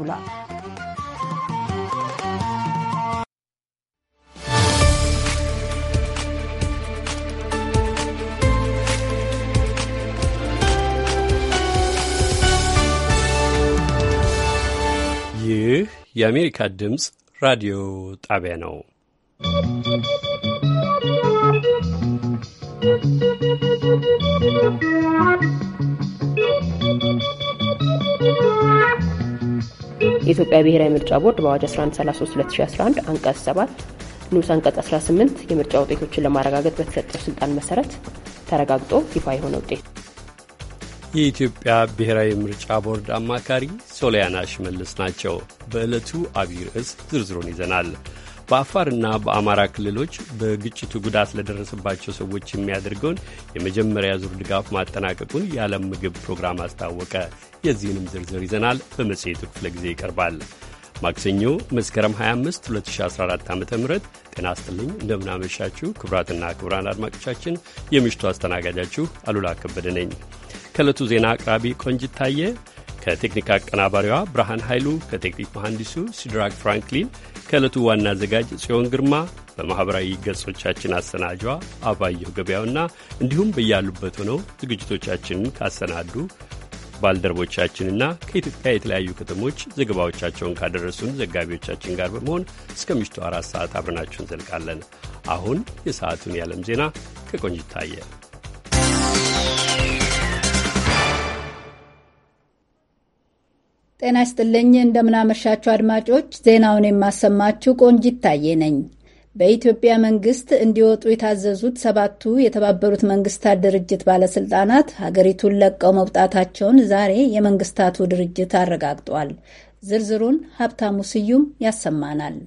ውሏል። ይህ የአሜሪካ ድምፅ ራዲዮ ጣቢያ ነው። የኢትዮጵያ ብሔራዊ ምርጫ ቦርድ በአዋጅ 1133/2011 አንቀጽ 7 ንዑስ አንቀጽ 18 የምርጫ ውጤቶችን ለማረጋገጥ በተሰጠው ስልጣን መሰረት ተረጋግጦ ይፋ የሆነ ውጤት። የኢትዮጵያ ብሔራዊ ምርጫ ቦርድ አማካሪ ሶሊያና ሽመልስ ናቸው። በዕለቱ አብይ ርዕስ ዝርዝሩን ይዘናል። በአፋርና በአማራ ክልሎች በግጭቱ ጉዳት ለደረሰባቸው ሰዎች የሚያደርገውን የመጀመሪያ ዙር ድጋፍ ማጠናቀቁን የዓለም ምግብ ፕሮግራም አስታወቀ። የዚህንም ዝርዝር ይዘናል በመጽሔቱ ክፍለ ጊዜ ይቀርባል። ማክሰኞ መስከረም 25 2014 ዓ ም ጤና ይስጥልኝ። እንደምናመሻችሁ ክቡራትና ክቡራን አድማጮቻችን የምሽቱ አስተናጋጃችሁ አሉላ ከበደ ነኝ። ከእለቱ ዜና አቅራቢ ቆንጅት ታየ ከቴክኒክ አቀናባሪዋ ብርሃን ኃይሉ፣ ከቴክኒክ መሐንዲሱ ሲድራክ ፍራንክሊን፣ ከዕለቱ ዋና አዘጋጅ ጽዮን ግርማ፣ በማኅበራዊ ገጾቻችን አሰናጇ አባየሁ ገበያውና እንዲሁም በያሉበት ሆነው ዝግጅቶቻችንን ካሰናዱ ባልደረቦቻችንና ከኢትዮጵያ የተለያዩ ከተሞች ዘገባዎቻቸውን ካደረሱን ዘጋቢዎቻችን ጋር በመሆን እስከ ምሽቱ አራት ሰዓት አብረናችሁ እንዘልቃለን። አሁን የሰዓቱን የዓለም ዜና ከቆንጅታየ ጤና ይስጥልኝ እንደምናመሻችሁ አድማጮች፣ ዜናውን የማሰማችሁ ቆንጂት ታዬ ነኝ። በኢትዮጵያ መንግስት እንዲወጡ የታዘዙት ሰባቱ የተባበሩት መንግስታት ድርጅት ባለስልጣናት ሀገሪቱን ለቀው መውጣታቸውን ዛሬ የመንግስታቱ ድርጅት አረጋግጧል። ዝርዝሩን ሀብታሙ ስዩም ያሰማናል።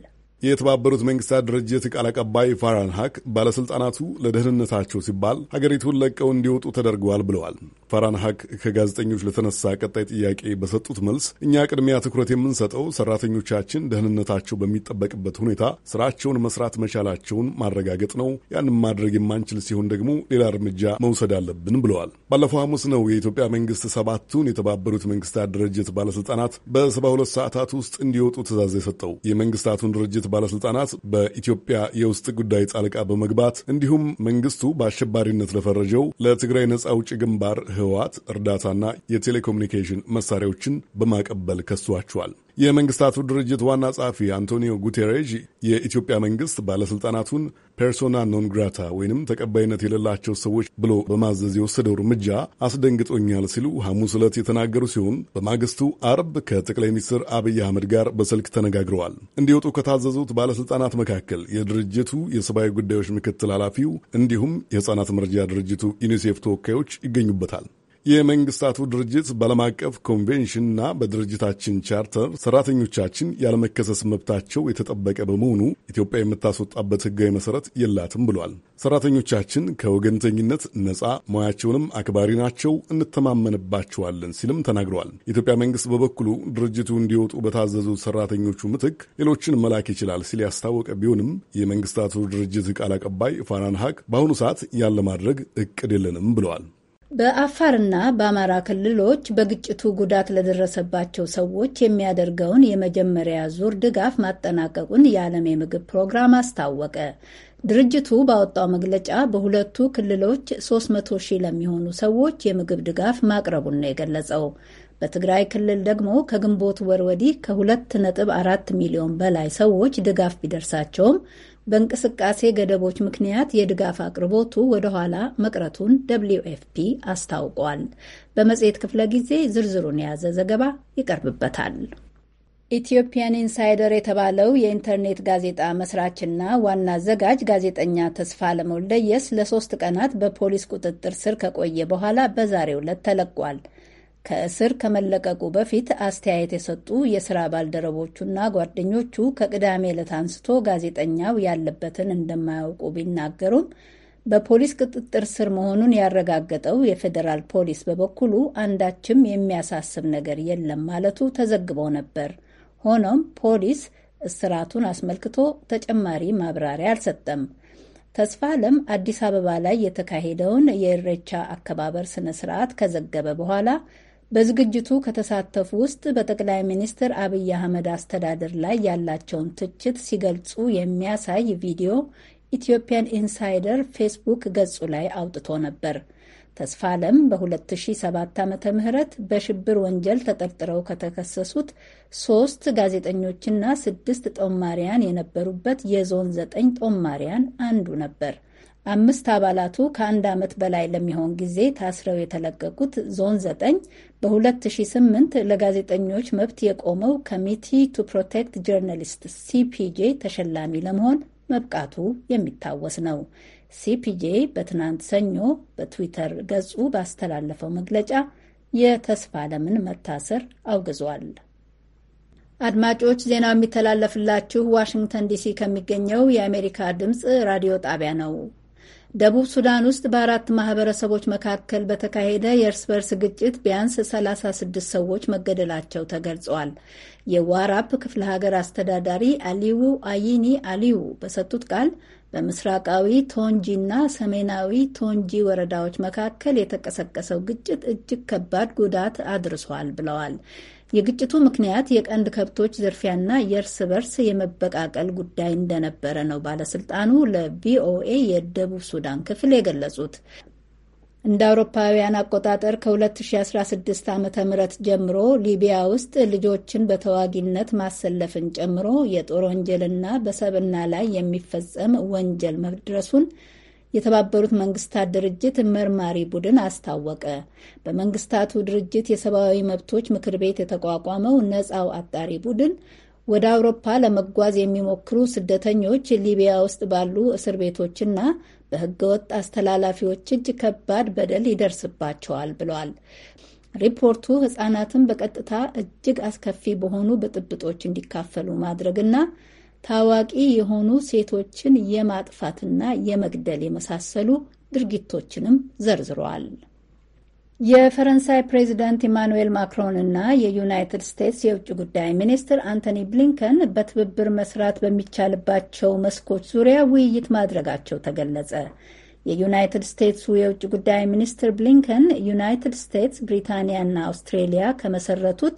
የተባበሩት መንግስታት ድርጅት ቃል አቀባይ ፋራን ሀክ ባለሥልጣናቱ ለደህንነታቸው ሲባል ሀገሪቱን ለቀው እንዲወጡ ተደርገዋል ብለዋል። ፋራን ሀክ ከጋዜጠኞች ለተነሳ ቀጣይ ጥያቄ በሰጡት መልስ እኛ ቅድሚያ ትኩረት የምንሰጠው ሰራተኞቻችን ደህንነታቸው በሚጠበቅበት ሁኔታ ስራቸውን መስራት መቻላቸውን ማረጋገጥ ነው። ያንም ማድረግ የማንችል ሲሆን ደግሞ ሌላ እርምጃ መውሰድ አለብን ብለዋል። ባለፈው ሐሙስ ነው የኢትዮጵያ መንግስት ሰባቱን የተባበሩት መንግስታት ድርጅት ባለሥልጣናት በሰባ ሁለት ሰዓታት ውስጥ እንዲወጡ ትእዛዝ የሰጠው የመንግስታቱን ድርጅት ባለስልጣናት በኢትዮጵያ የውስጥ ጉዳይ ጣልቃ በመግባት እንዲሁም መንግስቱ በአሸባሪነት ለፈረጀው ለትግራይ ነጻ አውጪ ግንባር ህወሓት እርዳታና የቴሌኮሙኒኬሽን መሳሪያዎችን በማቀበል ከሷቸዋል። የመንግስታቱ ድርጅት ዋና ጸሐፊ አንቶኒዮ ጉቴሬዥ የኢትዮጵያ መንግስት ባለሥልጣናቱን ኖን ግራታ ወይንም ተቀባይነት የሌላቸው ሰዎች ብሎ በማዘዝ የወሰደው እርምጃ አስደንግጦኛል ሲሉ ሐሙስ ዕለት የተናገሩ ሲሆን በማግስቱ አርብ ከጠቅላይ ሚኒስትር አብይ አህመድ ጋር በስልክ ተነጋግረዋል። እንዲወጡ ከታዘዙት ባለሥልጣናት መካከል የድርጅቱ የሰብአዊ ጉዳዮች ምክትል ኃላፊው እንዲሁም የሕፃናት መርጃ ድርጅቱ ዩኒሴፍ ተወካዮች ይገኙበታል። የመንግስታቱ ድርጅት በዓለም አቀፍ ኮንቬንሽንና በድርጅታችን ቻርተር ሰራተኞቻችን ያለመከሰስ መብታቸው የተጠበቀ በመሆኑ ኢትዮጵያ የምታስወጣበት ህጋዊ መሰረት የላትም ብሏል። ሰራተኞቻችን ከወገንተኝነት ነጻ ሙያቸውንም አክባሪ ናቸው፣ እንተማመንባቸዋለን ሲልም ተናግረዋል። የኢትዮጵያ መንግስት በበኩሉ ድርጅቱ እንዲወጡ በታዘዙ ሰራተኞቹ ምትክ ሌሎችን መላክ ይችላል ሲል ያስታወቀ ቢሆንም የመንግስታቱ ድርጅት ቃል አቀባይ ፋናን ሀቅ በአሁኑ ሰዓት ያለ ማድረግ እቅድ የለንም ብለዋል። በአፋርና በአማራ ክልሎች በግጭቱ ጉዳት ለደረሰባቸው ሰዎች የሚያደርገውን የመጀመሪያ ዙር ድጋፍ ማጠናቀቁን የዓለም የምግብ ፕሮግራም አስታወቀ። ድርጅቱ ባወጣው መግለጫ በሁለቱ ክልሎች 300 ሺህ ለሚሆኑ ሰዎች የምግብ ድጋፍ ማቅረቡን ነው የገለጸው። በትግራይ ክልል ደግሞ ከግንቦት ወር ወዲህ ከ2.4 ሚሊዮን በላይ ሰዎች ድጋፍ ቢደርሳቸውም በእንቅስቃሴ ገደቦች ምክንያት የድጋፍ አቅርቦቱ ወደኋላ መቅረቱን ደብሊው ኤፍፒ አስታውቋል። በመጽሔት ክፍለ ጊዜ ዝርዝሩን የያዘ ዘገባ ይቀርብበታል። ኢትዮጵያን ኢንሳይደር የተባለው የኢንተርኔት ጋዜጣ መስራችና ዋና አዘጋጅ ጋዜጠኛ ተስፋ ለመወልደየስ ለሶስት ቀናት በፖሊስ ቁጥጥር ስር ከቆየ በኋላ በዛሬው ዕለት ተለቋል። ከእስር ከመለቀቁ በፊት አስተያየት የሰጡ የስራ ባልደረቦቹና ጓደኞቹ ከቅዳሜ ዕለት አንስቶ ጋዜጠኛው ያለበትን እንደማያውቁ ቢናገሩም በፖሊስ ቁጥጥር ስር መሆኑን ያረጋገጠው የፌዴራል ፖሊስ በበኩሉ አንዳችም የሚያሳስብ ነገር የለም ማለቱ ተዘግቦ ነበር። ሆኖም ፖሊስ እስራቱን አስመልክቶ ተጨማሪ ማብራሪያ አልሰጠም። ተስፋ አለም አዲስ አበባ ላይ የተካሄደውን የእሬቻ አከባበር ስነ ስርዓት ከዘገበ በኋላ በዝግጅቱ ከተሳተፉ ውስጥ በጠቅላይ ሚኒስትር አብይ አህመድ አስተዳደር ላይ ያላቸውን ትችት ሲገልጹ የሚያሳይ ቪዲዮ ኢትዮጵያን ኢንሳይደር ፌስቡክ ገጹ ላይ አውጥቶ ነበር። ተስፋ አለም በ2007 ዓ ም በሽብር ወንጀል ተጠርጥረው ከተከሰሱት ሶስት ጋዜጠኞችና ስድስት ጦማሪያን የነበሩበት የዞን ዘጠኝ ጦማሪያን አንዱ ነበር። አምስት አባላቱ ከአንድ ዓመት በላይ ለሚሆን ጊዜ ታስረው የተለቀቁት ዞን ዘ9 በ2008 ለጋዜጠኞች መብት የቆመው ኮሚቲ ቱ ፕሮቴክት ጆርናሊስት ሲፒጄ ተሸላሚ ለመሆን መብቃቱ የሚታወስ ነው። ሲፒጄ በትናንት ሰኞ በትዊተር ገጹ ባስተላለፈው መግለጫ የተስፋ ለምን መታሰር አውግዟል። አድማጮች ዜናው የሚተላለፍላችሁ ዋሽንግተን ዲሲ ከሚገኘው የአሜሪካ ድምፅ ራዲዮ ጣቢያ ነው። ደቡብ ሱዳን ውስጥ በአራት ማህበረሰቦች መካከል በተካሄደ የእርስ በርስ ግጭት ቢያንስ 36 ሰዎች መገደላቸው ተገልጿል። የዋራፕ ክፍለ ሀገር አስተዳዳሪ አሊው አይኒ አሊው በሰጡት ቃል በምስራቃዊ ቶንጂ እና ሰሜናዊ ቶንጂ ወረዳዎች መካከል የተቀሰቀሰው ግጭት እጅግ ከባድ ጉዳት አድርሷል ብለዋል። የግጭቱ ምክንያት የቀንድ ከብቶች ዝርፊያና የእርስ በርስ የመበቃቀል ጉዳይ እንደነበረ ነው ባለስልጣኑ ለቪኦኤ የደቡብ ሱዳን ክፍል የገለጹት። እንደ አውሮፓውያን አቆጣጠር ከ2016 ዓ ም ጀምሮ ሊቢያ ውስጥ ልጆችን በተዋጊነት ማሰለፍን ጨምሮ የጦር ወንጀልና በሰብና ላይ የሚፈጸም ወንጀል መድረሱን የተባበሩት መንግስታት ድርጅት መርማሪ ቡድን አስታወቀ። በመንግስታቱ ድርጅት የሰብአዊ መብቶች ምክር ቤት የተቋቋመው ነፃው አጣሪ ቡድን ወደ አውሮፓ ለመጓዝ የሚሞክሩ ስደተኞች ሊቢያ ውስጥ ባሉ እስር ቤቶችና በህገወጥ አስተላላፊዎች እጅ ከባድ በደል ይደርስባቸዋል ብሏል። ሪፖርቱ ህጻናትን በቀጥታ እጅግ አስከፊ በሆኑ ብጥብጦች እንዲካፈሉ ማድረግና ታዋቂ የሆኑ ሴቶችን የማጥፋትና የመግደል የመሳሰሉ ድርጊቶችንም ዘርዝረዋል። የፈረንሳይ ፕሬዚዳንት ኢማኑኤል ማክሮን እና የዩናይትድ ስቴትስ የውጭ ጉዳይ ሚኒስትር አንቶኒ ብሊንከን በትብብር መስራት በሚቻልባቸው መስኮች ዙሪያ ውይይት ማድረጋቸው ተገለጸ። የዩናይትድ ስቴትሱ የውጭ ጉዳይ ሚኒስትር ብሊንከን ዩናይትድ ስቴትስ ብሪታንያና አውስትሬሊያ ከመሰረቱት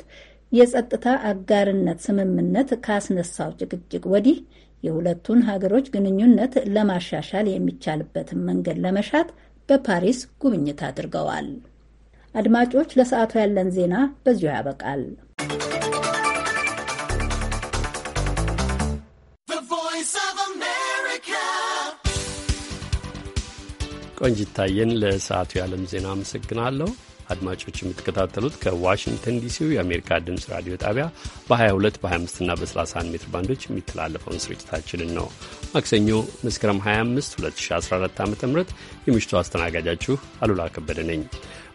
የጸጥታ አጋርነት ስምምነት ካስነሳው ጭቅጭቅ ወዲህ የሁለቱን ሀገሮች ግንኙነት ለማሻሻል የሚቻልበትን መንገድ ለመሻት በፓሪስ ጉብኝት አድርገዋል። አድማጮች፣ ለሰዓቱ ያለን ዜና በዚሁ ያበቃል። ቆንጅታየን ለሰዓቱ የዓለም ዜና አመሰግናለሁ። አድማጮች የምትከታተሉት ከዋሽንግተን ዲሲው የአሜሪካ ድምፅ ራዲዮ ጣቢያ በ22 በ25 እና በ31 ሜትር ባንዶች የሚተላለፈውን ስርጭታችንን ነው። ማክሰኞ መስከረም 25 2014 ዓ ም የምሽቱ አስተናጋጃችሁ አሉላ ከበደ ነኝ።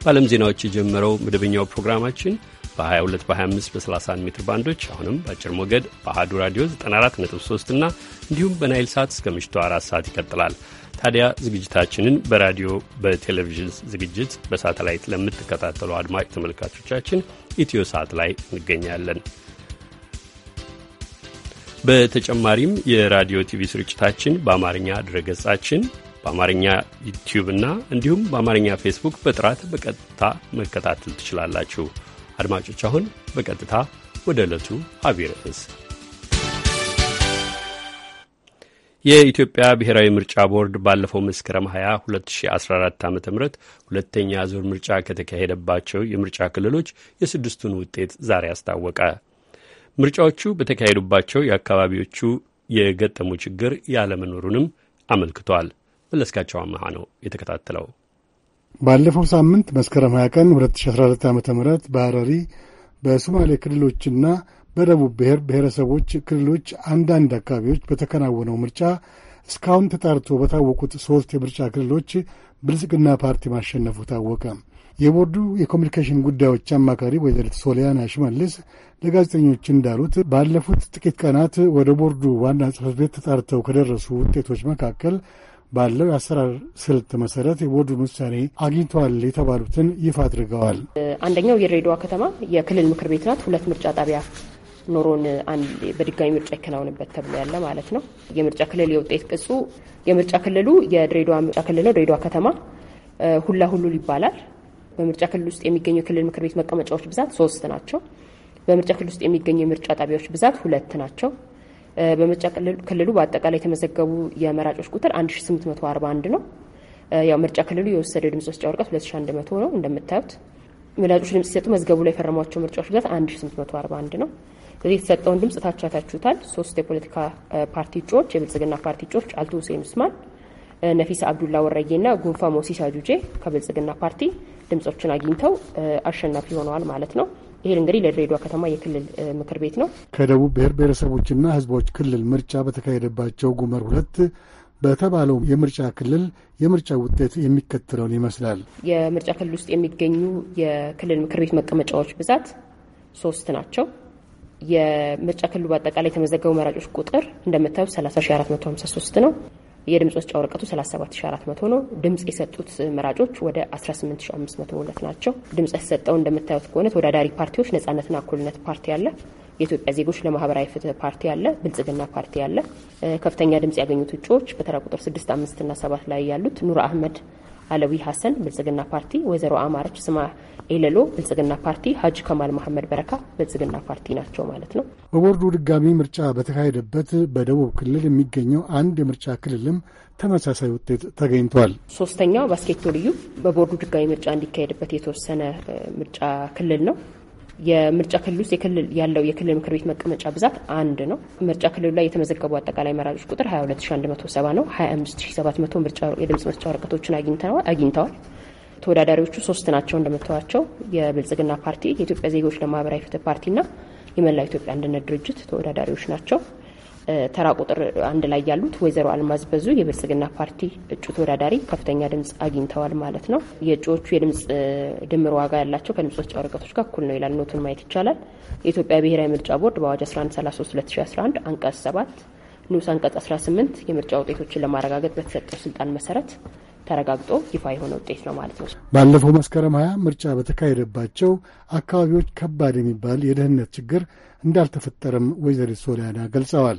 በዓለም ዜናዎች የጀመረው መደበኛው ፕሮግራማችን በ22 በ25 በ31 ሜትር ባንዶች አሁንም በአጭር ሞገድ በአህዱ ራዲዮ 94.3 እና እንዲሁም በናይል ሰዓት እስከ ምሽቱ አራት ሰዓት ይቀጥላል። ታዲያ ዝግጅታችንን በራዲዮ በቴሌቪዥን ዝግጅት በሳተላይት ለምትከታተሉ አድማጭ ተመልካቾቻችን ኢትዮ ሳት ላይ እንገኛለን። በተጨማሪም የራዲዮ ቲቪ ስርጭታችን በአማርኛ ድረገጻችን በአማርኛ ዩቲዩብ እና እንዲሁም በአማርኛ ፌስቡክ በጥራት በቀጥታ መከታተል ትችላላችሁ። አድማጮች አሁን በቀጥታ ወደ ዕለቱ አብይ ርዕስ የኢትዮጵያ ብሔራዊ ምርጫ ቦርድ ባለፈው መስከረም 20 2014 ዓ ም ሁለተኛ ዙር ምርጫ ከተካሄደባቸው የምርጫ ክልሎች የስድስቱን ውጤት ዛሬ አስታወቀ። ምርጫዎቹ በተካሄዱባቸው የአካባቢዎቹ የገጠሙ ችግር ያለመኖሩንም አመልክቷል። መለስካቸው አመሃ ነው የተከታተለው። ባለፈው ሳምንት መስከረም 20 ቀን 2014 ዓ ም በሐረሪ በሶማሌ ክልሎችና በደቡብ ብሔር ብሔረሰቦች ክልሎች አንዳንድ አካባቢዎች በተከናወነው ምርጫ እስካሁን ተጣርቶ በታወቁት ሦስት የምርጫ ክልሎች ብልጽግና ፓርቲ ማሸነፉ ታወቀ። የቦርዱ የኮሚኒኬሽን ጉዳዮች አማካሪ ወይዘሪት ሶሊያና ሽመልስ ለጋዜጠኞች እንዳሉት ባለፉት ጥቂት ቀናት ወደ ቦርዱ ዋና ጽሕፈት ቤት ተጣርተው ከደረሱ ውጤቶች መካከል ባለው የአሰራር ስልት መሰረት የቦርዱን ውሳኔ አግኝተዋል የተባሉትን ይፋ አድርገዋል። አንደኛው የድሬዳዋ ከተማ የክልል ምክር ቤት ናት። ሁለት ምርጫ ጣቢያ ኖሮን በድጋሚ ምርጫ ይከናወንበት ተብሎ ያለ ማለት ነው። የምርጫ ክልል የውጤት ቅጹ የምርጫ ክልሉ የድሬዳዋ ምርጫ ክልል ነው። ድሬዳዋ ከተማ ሁላ ሁሉ ይባላል። በምርጫ ክልል ውስጥ የሚገኙ የክልል ምክር ቤት መቀመጫዎች ብዛት ሶስት ናቸው። በምርጫ ክልል ውስጥ የሚገኙ የምርጫ ጣቢያዎች ብዛት ሁለት ናቸው። በምርጫ ክልሉ በአጠቃላይ የተመዘገቡ የመራጮች ቁጥር 1841 ነው። ያው ምርጫ ክልሉ የወሰደው ድምጽ መስጫ ወረቀት 2100 ነው። እንደምታዩት መራጮች ድምጽ ሲሰጡ መዝገቡ ላይ የፈረሟቸው ምርጫዎች ብዛት 1841 ነው። የተሰጠውን ድምፅ ታቻታችሁታል ሶስት የፖለቲካ ፓርቲ እጩዎች የብልጽግና ፓርቲ እጩዎች አልቶ ሁሴን ኡስማን፣ ነፊስ አብዱላ ና ጉንፋ ሞሲሳ ጁጄ ከብልጽግና ፓርቲ ድምጾችን አግኝተው አሸናፊ ሆነዋል ማለት ነው። ይሄ እንግዲህ ለድሬዳዋ ከተማ የክልል ምክር ቤት ነው። ከደቡብ ብሔር ብሔረሰቦችና ህዝቦች ክልል ምርጫ በተካሄደባቸው ጉመር ሁለት በተባለው የምርጫ ክልል የምርጫ ውጤት የሚከተለውን ይመስላል። የምርጫ ክልል ውስጥ የሚገኙ የክልል ምክር ቤት መቀመጫዎች ብዛት ሶስት ናቸው። የምርጫ ክልሉ በአጠቃላይ የተመዘገቡ መራጮች ቁጥር እንደምታዩት 30453 ነው። የድምፅ መስጫ ወረቀቱ 37400 ነው። ድምፅ የሰጡት መራጮች ወደ 18502 ናቸው። ድምፅ የተሰጠው እንደምታዩት ከሆነ ተወዳዳሪ ፓርቲዎች ነጻነትና እኩልነት ፓርቲ አለ፣ የኢትዮጵያ ዜጎች ለማህበራዊ ፍትህ ፓርቲ አለ፣ ብልጽግና ፓርቲ አለ። ከፍተኛ ድምፅ ያገኙት እጩዎች በተራ ቁጥር 6፣ 5 እና 7 ላይ ያሉት ኑር አህመድ አለዊ ሀሰን ብልጽግና ፓርቲ፣ ወይዘሮ አማረች ስማ ኤለሎ ብልጽግና ፓርቲ፣ ሀጅ ከማል መሐመድ በረካ ብልጽግና ፓርቲ ናቸው ማለት ነው። በቦርዱ ድጋሚ ምርጫ በተካሄደበት በደቡብ ክልል የሚገኘው አንድ የምርጫ ክልልም ተመሳሳይ ውጤት ተገኝቷል። ሶስተኛው ባስኬቶ ልዩ በቦርዱ ድጋሚ ምርጫ እንዲካሄድበት የተወሰነ ምርጫ ክልል ነው። የምርጫ ክልል ውስጥ የክልል ያለው የክልል ምክር ቤት መቀመጫ ብዛት አንድ ነው። ምርጫ ክልሉ ላይ የተመዘገቡ አጠቃላይ መራጮች ቁጥር 22170 ነው። 25700 ምርጫ የድምጽ መስጫ ወረቀቶችን አግኝተዋል። ተወዳዳሪዎቹ ሶስት ናቸው እንደምታዋቸው የብልጽግና ፓርቲ፣ የኢትዮጵያ ዜጎች ለማህበራዊ ፍትህ ፓርቲና የመላው ኢትዮጵያ አንድነት ድርጅት ተወዳዳሪዎች ናቸው። ተራ ቁጥር አንድ ላይ ያሉት ወይዘሮ አልማዝ በዙ የብልጽግና ፓርቲ እጩ ተወዳዳሪ ከፍተኛ ድምጽ አግኝተዋል ማለት ነው። የእጩዎቹ የድምጽ ድምር ዋጋ ያላቸው ከድምጾች ወረቀቶች ጋር እኩል ነው ይላል። ኖቱን ማየት ይቻላል። የኢትዮጵያ ብሔራዊ ምርጫ ቦርድ በአዋጅ 1133/2011 አንቀጽ 7 ንዑስ አንቀጽ 18 የምርጫ ውጤቶችን ለማረጋገጥ በተሰጠው ስልጣን መሰረት ተረጋግጦ ይፋ የሆነ ውጤት ነው ማለት ነው። ባለፈው መስከረም ሀያ ምርጫ በተካሄደባቸው አካባቢዎች ከባድ የሚባል የደህንነት ችግር እንዳልተፈጠረም ወይዘሪት ሶሊያና ገልጸዋል።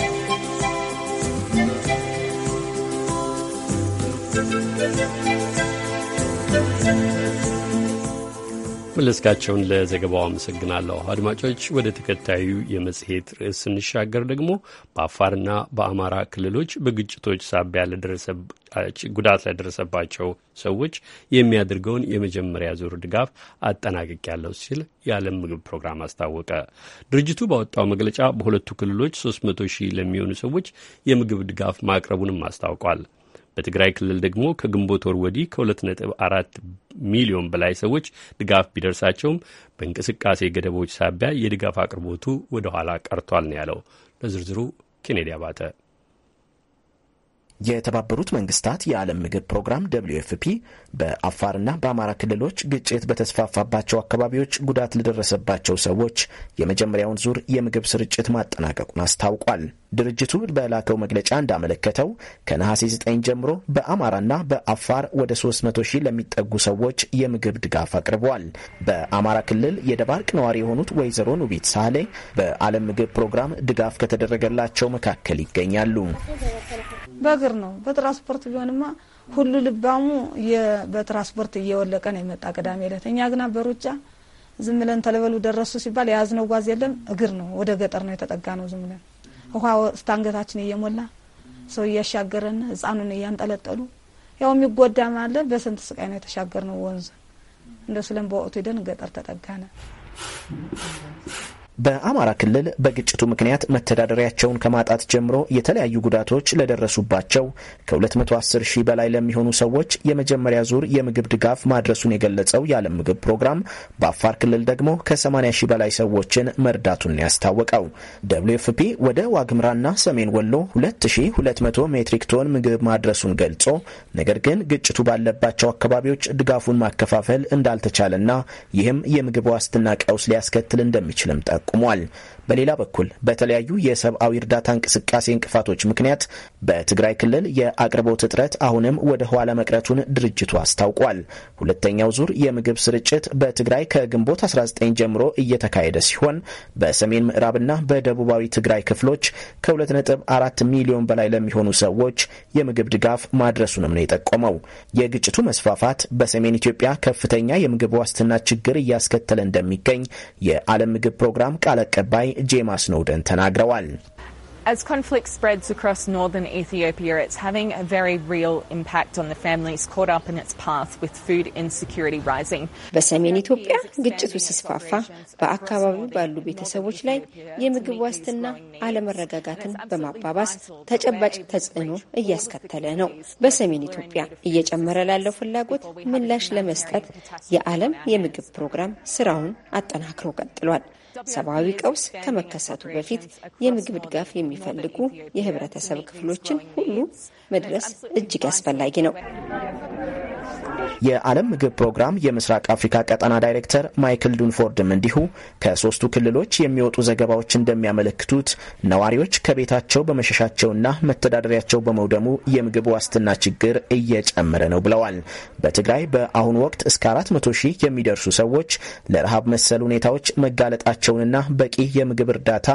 መለስካቸውን ለዘገባው አመሰግናለሁ። አድማጮች፣ ወደ ተከታዩ የመጽሔት ርዕስ ስንሻገር ደግሞ በአፋርና በአማራ ክልሎች በግጭቶች ሳቢያ ጉዳት ለደረሰባቸው ሰዎች የሚያደርገውን የመጀመሪያ ዙር ድጋፍ ያለው ሲል የዓለም ምግብ ፕሮግራም አስታወቀ። ድርጅቱ ባወጣው መግለጫ በሁለቱ ክልሎች 300 ሺህ ለሚሆኑ ሰዎች የምግብ ድጋፍ ማቅረቡንም አስታውቋል። በትግራይ ክልል ደግሞ ከግንቦት ወር ወዲህ ከ2.4 ሚሊዮን በላይ ሰዎች ድጋፍ ቢደርሳቸውም በእንቅስቃሴ ገደቦች ሳቢያ የድጋፍ አቅርቦቱ ወደ ኋላ ቀርቷል ነው ያለው። ለዝርዝሩ ኬኔዲ አባተ የተባበሩት መንግስታት የዓለም ምግብ ፕሮግራም ደብልዩ ኤፍ ፒ በአፋርና በአማራ ክልሎች ግጭት በተስፋፋባቸው አካባቢዎች ጉዳት ለደረሰባቸው ሰዎች የመጀመሪያውን ዙር የምግብ ስርጭት ማጠናቀቁን አስታውቋል። ድርጅቱ በላከው መግለጫ እንዳመለከተው ከነሐሴ 9 ጀምሮ በአማራና በአፋር ወደ 300 ሺህ ለሚጠጉ ሰዎች የምግብ ድጋፍ አቅርቧል። በአማራ ክልል የደባርቅ ነዋሪ የሆኑት ወይዘሮ ኑቢት ሳሌ በዓለም ምግብ ፕሮግራም ድጋፍ ከተደረገላቸው መካከል ይገኛሉ። በእግር ነው። በትራንስፖርት ቢሆንማ ሁሉ ልባሙ በትራንስፖርት እየወለቀ ነው የመጣ ቅዳሜ ዕለት። እኛ ግና በሩጫ ዝም ብለን ተለበሉ ደረሱ ሲባል የያዝነው ጓዝ የለም። እግር ነው፣ ወደ ገጠር ነው የተጠጋ ነው። ዝም ብለን ውሃ ስታንገታችን እየሞላ ሰው እያሻገረን ህፃኑን እያንጠለጠሉ ያው የሚጎዳ ማለ በስንት ስቃይ ነው የተሻገር ነው ወንዝ እንደ ስለን በወቅቱ ሄደን ገጠር ተጠጋነ። በአማራ ክልል በግጭቱ ምክንያት መተዳደሪያቸውን ከማጣት ጀምሮ የተለያዩ ጉዳቶች ለደረሱባቸው ከ210 ሺህ በላይ ለሚሆኑ ሰዎች የመጀመሪያ ዙር የምግብ ድጋፍ ማድረሱን የገለጸው የዓለም ምግብ ፕሮግራም በአፋር ክልል ደግሞ ከ80 ሺህ በላይ ሰዎችን መርዳቱን ያስታወቀው ደብሊው ኤፍ ፒ ወደ ዋግምራና ሰሜን ወሎ 2200 ሜትሪክ ቶን ምግብ ማድረሱን ገልጾ ነገር ግን ግጭቱ ባለባቸው አካባቢዎች ድጋፉን ማከፋፈል እንዳልተቻለና ይህም የምግብ ዋስትና ቀውስ ሊያስከትል እንደሚችልም ጠቁ como él. በሌላ በኩል በተለያዩ የሰብአዊ እርዳታ እንቅስቃሴ እንቅፋቶች ምክንያት በትግራይ ክልል የአቅርቦት እጥረት አሁንም ወደ ኋላ መቅረቱን ድርጅቱ አስታውቋል። ሁለተኛው ዙር የምግብ ስርጭት በትግራይ ከግንቦት 19 ጀምሮ እየተካሄደ ሲሆን በሰሜን ምዕራብና በደቡባዊ ትግራይ ክፍሎች ከ2.4 ሚሊዮን በላይ ለሚሆኑ ሰዎች የምግብ ድጋፍ ማድረሱንም ነው የጠቆመው። የግጭቱ መስፋፋት በሰሜን ኢትዮጵያ ከፍተኛ የምግብ ዋስትና ችግር እያስከተለ እንደሚገኝ የዓለም ምግብ ፕሮግራም ቃል አቀባይ ጄማ ስኖደን ተናግረዋል። As conflict spreads across northern Ethiopia, it's having a very real impact on the families caught up in its path with food insecurity rising. በሰሜን ኢትዮጵያ ግጭቱ ሲስፋፋ በአካባቢው ባሉ ቤተሰቦች ላይ የምግብ ዋስትና አለመረጋጋትን በማባባስ ተጨባጭ ተጽዕኖ እያስከተለ ነው። በሰሜን ኢትዮጵያ እየጨመረ ላለው ፍላጎት ምላሽ ለመስጠት የዓለም የምግብ ፕሮግራም ስራውን አጠናክሮ ቀጥሏል። ሰብአዊ ቀውስ ከመከሰቱ በፊት የምግብ ድጋፍ የሚፈልጉ የህብረተሰብ ክፍሎችን ሁሉ መድረስ እጅግ አስፈላጊ ነው። የዓለም ምግብ ፕሮግራም የምስራቅ አፍሪካ ቀጠና ዳይሬክተር ማይክል ዱንፎርድም እንዲሁ ከሶስቱ ክልሎች የሚወጡ ዘገባዎች እንደሚያመለክቱት ነዋሪዎች ከቤታቸው በመሸሻቸውና መተዳደሪያቸው በመውደሙ የምግብ ዋስትና ችግር እየጨመረ ነው ብለዋል። በትግራይ በአሁኑ ወቅት እስከ 400 ሺህ የሚደርሱ ሰዎች ለረሃብ መሰል ሁኔታዎች መጋለጣቸውንና በቂ የምግብ እርዳታ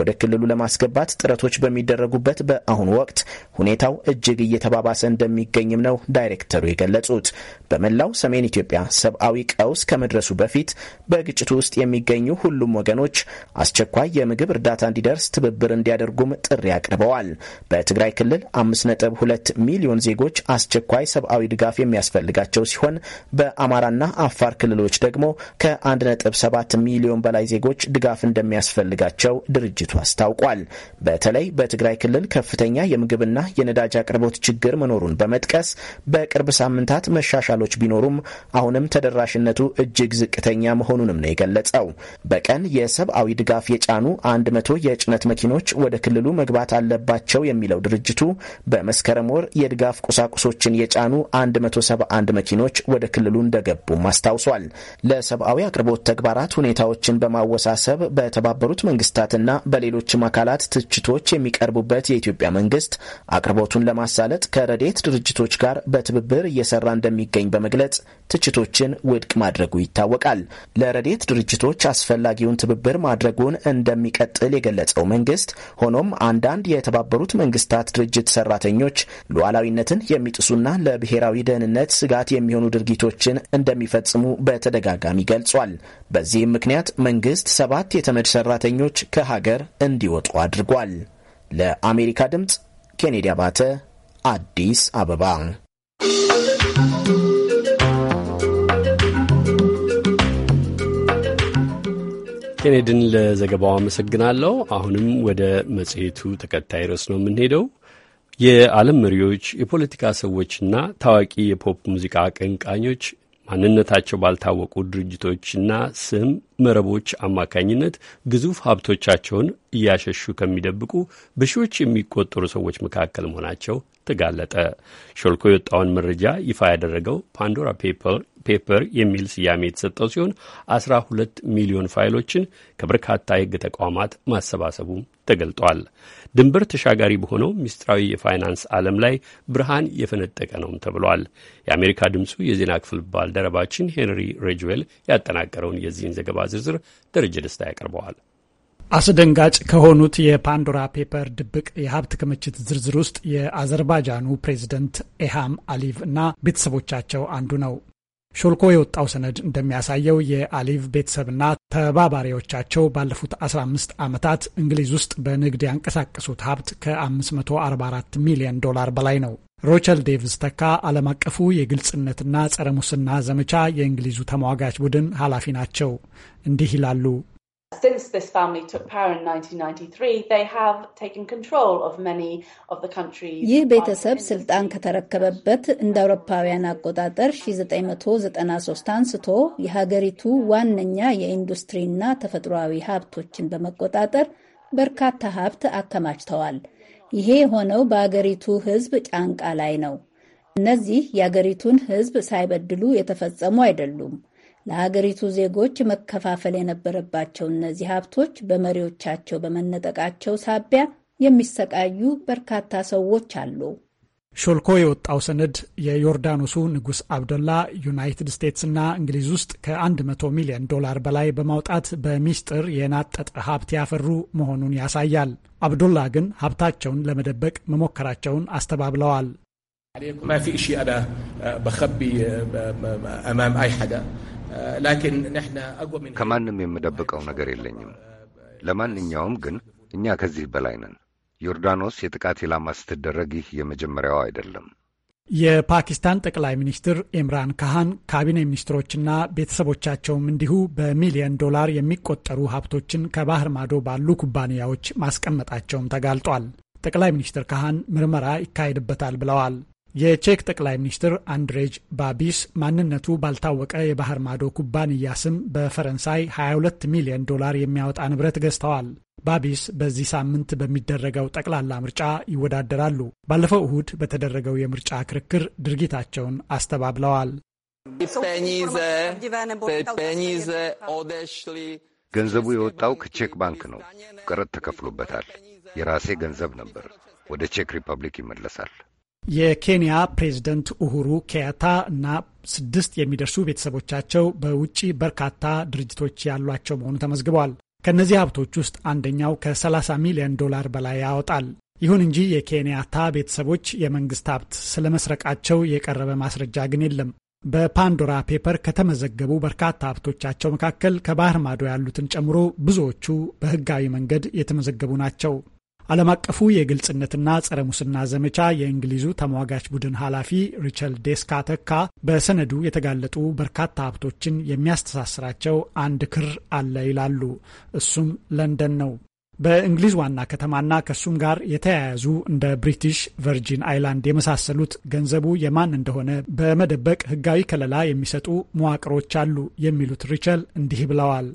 ወደ ክልሉ ለማስገባት ጥረቶች በሚደረጉበት በአሁኑ ወቅት ሁኔታው እጅግ እየተባባሰ እንደሚገኝም ነው ዳይሬክተሩ የገለጹት። ያሉት በመላው ሰሜን ኢትዮጵያ ሰብአዊ ቀውስ ከመድረሱ በፊት በግጭቱ ውስጥ የሚገኙ ሁሉም ወገኖች አስቸኳይ የምግብ እርዳታ እንዲደርስ ትብብር እንዲያደርጉም ጥሪ አቅርበዋል። በትግራይ ክልል 5.2 ሚሊዮን ዜጎች አስቸኳይ ሰብአዊ ድጋፍ የሚያስፈልጋቸው ሲሆን በአማራና አፋር ክልሎች ደግሞ ከ1.7 ሚሊዮን በላይ ዜጎች ድጋፍ እንደሚያስፈልጋቸው ድርጅቱ አስታውቋል። በተለይ በትግራይ ክልል ከፍተኛ የምግብና የነዳጅ አቅርቦት ችግር መኖሩን በመጥቀስ በቅርብ ሳምንታት መሻሻሎች ቢኖሩም አሁንም ተደራሽነቱ እጅግ ዝቅተኛ መሆኑንም ነው የገለጸው። በቀን የሰብአዊ ድጋፍ የጫኑ አንድ መቶ የጭነት መኪኖች ወደ ክልሉ መግባት አለባቸው የሚለው ድርጅቱ በመስከረም ወር የድጋፍ ቁሳቁሶችን የጫኑ 171 መኪኖች ወደ ክልሉ እንደገቡም አስታውሷል። ለሰብአዊ አቅርቦት ተግባራት ሁኔታዎችን በማወሳሰብ በተባበሩት መንግስታትና በሌሎችም አካላት ትችቶች የሚቀርቡበት የኢትዮጵያ መንግስት አቅርቦቱን ለማሳለጥ ከረዴት ድርጅቶች ጋር በትብብር እየሰራ እንደሚገኝ በመግለጽ ትችቶችን ውድቅ ማድረጉ ይታወቃል። ለረዴት ድርጅቶች አስፈላጊውን ትብብር ማድረጉን እንደሚቀጥል የገለጸው መንግስት፣ ሆኖም አንዳንድ የተባበሩት መንግስታት ድርጅት ሰራተኞች ሉዓላዊነትን የሚጥሱና ለብሔራዊ ደህንነት ስጋት የሚሆኑ ድርጊቶችን እንደሚፈጽሙ በተደጋጋሚ ገልጿል። በዚህም ምክንያት መንግስት ሰባት የተመድ ሰራተኞች ከሀገር እንዲወጡ አድርጓል። ለአሜሪካ ድምፅ ኬኔዲ አባተ አዲስ አበባ ኬኔድን ለዘገባው አመሰግናለሁ። አሁንም ወደ መጽሔቱ ተከታይ ርዕስ ነው የምንሄደው። የዓለም መሪዎች፣ የፖለቲካ ሰዎችና ታዋቂ የፖፕ ሙዚቃ አቀንቃኞች ማንነታቸው ባልታወቁ ድርጅቶችና ስም መረቦች አማካኝነት ግዙፍ ሀብቶቻቸውን እያሸሹ ከሚደብቁ በሺዎች የሚቆጠሩ ሰዎች መካከል መሆናቸው ተጋለጠ። ሾልኮ የወጣውን መረጃ ይፋ ያደረገው ፓንዶራ ፔፐር ፔፐር የሚል ስያሜ የተሰጠው ሲሆን አስራ ሁለት ሚሊዮን ፋይሎችን ከበርካታ የህግ ተቋማት ማሰባሰቡም ተገልጧል። ድንበር ተሻጋሪ በሆነው ምስጢራዊ የፋይናንስ ዓለም ላይ ብርሃን የፈነጠቀ ነውም ተብሏል። የአሜሪካ ድምፁ የዜና ክፍል ባልደረባችን ሄንሪ ሬጅዌል ያጠናቀረውን የዚህን ዘገባ ዝርዝር ደረጀ ደስታ ያቀርበዋል። አስደንጋጭ ከሆኑት የፓንዶራ ፔፐር ድብቅ የሀብት ክምችት ዝርዝር ውስጥ የአዘርባጃኑ ፕሬዚደንት ኤሃም አሊቭ እና ቤተሰቦቻቸው አንዱ ነው። ሾልኮ የወጣው ሰነድ እንደሚያሳየው የአሊቭ ቤተሰብና ተባባሪዎቻቸው ባለፉት 15 ዓመታት እንግሊዝ ውስጥ በንግድ ያንቀሳቀሱት ሀብት ከ544 ሚሊዮን ዶላር በላይ ነው። ሮቸል ዴቭስ ተካ ዓለም አቀፉ የግልጽነትና ጸረ ሙስና ዘመቻ የእንግሊዙ ተሟጋች ቡድን ኃላፊ ናቸው። እንዲህ ይላሉ። Since this family took power in 1993, they have taken control of many of the country's ይህ ቤተሰብ ስልጣን ከተረከበበት እንደ አውሮፓውያን አቆጣጠር 1993 አንስቶ የሀገሪቱ ዋነኛ የኢንዱስትሪና ተፈጥሯዊ ሀብቶችን በመቆጣጠር በርካታ ሀብት አከማችተዋል። ይሄ የሆነው በአገሪቱ ሕዝብ ጫንቃ ላይ ነው። እነዚህ የአገሪቱን ሕዝብ ሳይበድሉ የተፈጸሙ አይደሉም። ለሀገሪቱ ዜጎች መከፋፈል የነበረባቸው እነዚህ ሀብቶች በመሪዎቻቸው በመነጠቃቸው ሳቢያ የሚሰቃዩ በርካታ ሰዎች አሉ። ሾልኮ የወጣው ሰነድ የዮርዳኖሱ ንጉሥ አብደላ ዩናይትድ እና እንግሊዝ ውስጥ ከ100 ሚሊዮን ዶላር በላይ በማውጣት በሚስጥር የናጠጠ ሀብት ያፈሩ መሆኑን ያሳያል። አብዱላ ግን ሀብታቸውን ለመደበቅ መሞከራቸውን አስተባብለዋል። ከማንም የምደብቀው ነገር የለኝም። ለማንኛውም ግን እኛ ከዚህ በላይ ነን። ዮርዳኖስ የጥቃት ኢላማ ስትደረግ ይህ የመጀመሪያው አይደለም። የፓኪስታን ጠቅላይ ሚኒስትር ኢምራን ካህን ካቢኔ ሚኒስትሮችና ቤተሰቦቻቸውም እንዲሁ በሚሊዮን ዶላር የሚቆጠሩ ሀብቶችን ከባህር ማዶ ባሉ ኩባንያዎች ማስቀመጣቸውም ተጋልጧል። ጠቅላይ ሚኒስትር ካህን ምርመራ ይካሄድበታል ብለዋል። የቼክ ጠቅላይ ሚኒስትር አንድሬጅ ባቢስ ማንነቱ ባልታወቀ የባህር ማዶ ኩባንያ ስም በፈረንሳይ 22 ሚሊዮን ዶላር የሚያወጣ ንብረት ገዝተዋል። ባቢስ በዚህ ሳምንት በሚደረገው ጠቅላላ ምርጫ ይወዳደራሉ። ባለፈው እሁድ በተደረገው የምርጫ ክርክር ድርጊታቸውን አስተባብለዋል። ገንዘቡ የወጣው ከቼክ ባንክ ነው። ቀረጥ ተከፍሎበታል። የራሴ ገንዘብ ነበር። ወደ ቼክ ሪፐብሊክ ይመለሳል። የኬንያ ፕሬዝደንት ኡሁሩ ኬንያታ እና ስድስት የሚደርሱ ቤተሰቦቻቸው በውጭ በርካታ ድርጅቶች ያሏቸው መሆኑ ተመዝግበዋል። ከእነዚህ ሀብቶች ውስጥ አንደኛው ከ30 ሚሊዮን ዶላር በላይ ያወጣል። ይሁን እንጂ የኬንያታ ቤተሰቦች የመንግስት ሀብት ስለመስረቃቸው የቀረበ ማስረጃ ግን የለም። በፓንዶራ ፔፐር ከተመዘገቡ በርካታ ሀብቶቻቸው መካከል ከባህር ማዶ ያሉትን ጨምሮ ብዙዎቹ በህጋዊ መንገድ የተመዘገቡ ናቸው። ዓለም አቀፉ የግልጽነትና ጸረ ሙስና ዘመቻ የእንግሊዙ ተሟጋች ቡድን ኃላፊ ሪቸል ዴስካ ተካ በሰነዱ የተጋለጡ በርካታ ሀብቶችን የሚያስተሳስራቸው አንድ ክር አለ ይላሉ። እሱም ለንደን ነው። በእንግሊዝ ዋና ከተማና ከእሱም ጋር የተያያዙ እንደ ብሪቲሽ ቨርጂን አይላንድ የመሳሰሉት ገንዘቡ የማን እንደሆነ በመደበቅ ሕጋዊ ከለላ የሚሰጡ መዋቅሮች አሉ የሚሉት ሪቸል እንዲህ ብለዋል።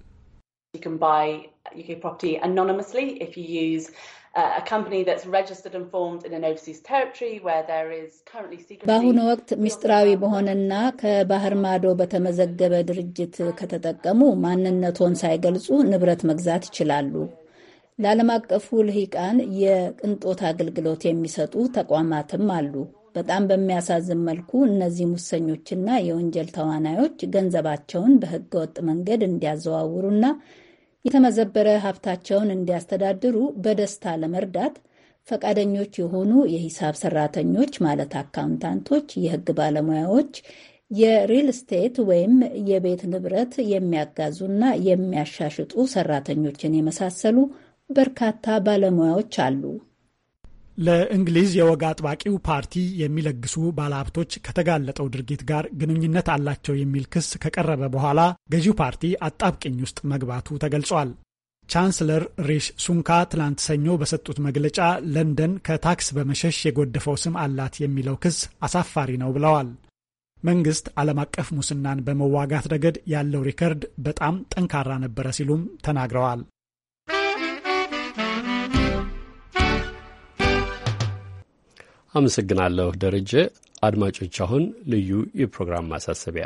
በአሁኑ ወቅት ምስጢራዊ በሆነና ከባህር ማዶ በተመዘገበ ድርጅት ከተጠቀሙ ማንነቶን ሳይገልጹ ንብረት መግዛት ይችላሉ። ለዓለም አቀፉ ልሂቃን የቅንጦት አገልግሎት የሚሰጡ ተቋማትም አሉ። በጣም በሚያሳዝን መልኩ እነዚህ ሙሰኞችና የወንጀል ተዋናዮች ገንዘባቸውን በህገወጥ መንገድ እንዲያዘዋውሩና የተመዘበረ ሀብታቸውን እንዲያስተዳድሩ በደስታ ለመርዳት ፈቃደኞች የሆኑ የሂሳብ ሰራተኞች ማለት አካውንታንቶች፣ የህግ ባለሙያዎች፣ የሪል ስቴት ወይም የቤት ንብረት የሚያጋዙና የሚያሻሽጡ ሰራተኞችን የመሳሰሉ በርካታ ባለሙያዎች አሉ። ለእንግሊዝ የወግ አጥባቂው ፓርቲ የሚለግሱ ባለሀብቶች ከተጋለጠው ድርጊት ጋር ግንኙነት አላቸው የሚል ክስ ከቀረበ በኋላ ገዢው ፓርቲ አጣብቅኝ ውስጥ መግባቱ ተገልጿል። ቻንስለር ሪሽ ሱንካ ትላንት ሰኞ በሰጡት መግለጫ ለንደን ከታክስ በመሸሽ የጎደፈው ስም አላት የሚለው ክስ አሳፋሪ ነው ብለዋል። መንግስት ዓለም አቀፍ ሙስናን በመዋጋት ረገድ ያለው ሪከርድ በጣም ጠንካራ ነበረ ሲሉም ተናግረዋል። አመሰግናለሁ ደረጀ። አድማጮች፣ አሁን ልዩ የፕሮግራም ማሳሰቢያ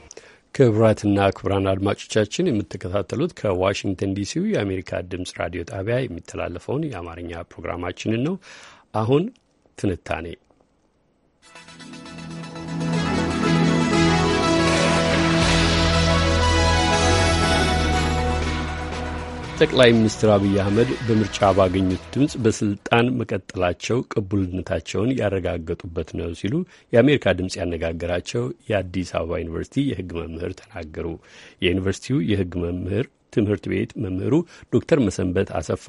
ክቡራትና ክቡራን አድማጮቻችን የምትከታተሉት ከዋሽንግተን ዲሲው የአሜሪካ ድምፅ ራዲዮ ጣቢያ የሚተላለፈውን የአማርኛ ፕሮግራማችንን ነው። አሁን ትንታኔ ጠቅላይ ሚኒስትር አብይ አህመድ በምርጫ ባገኙት ድምፅ በስልጣን መቀጠላቸው ቅቡልነታቸውን ያረጋገጡበት ነው ሲሉ የአሜሪካ ድምፅ ያነጋገራቸው የአዲስ አበባ ዩኒቨርሲቲ የሕግ መምህር ተናገሩ። የዩኒቨርሲቲው የሕግ መምህር ትምህርት ቤት መምህሩ ዶክተር መሰንበት አሰፋ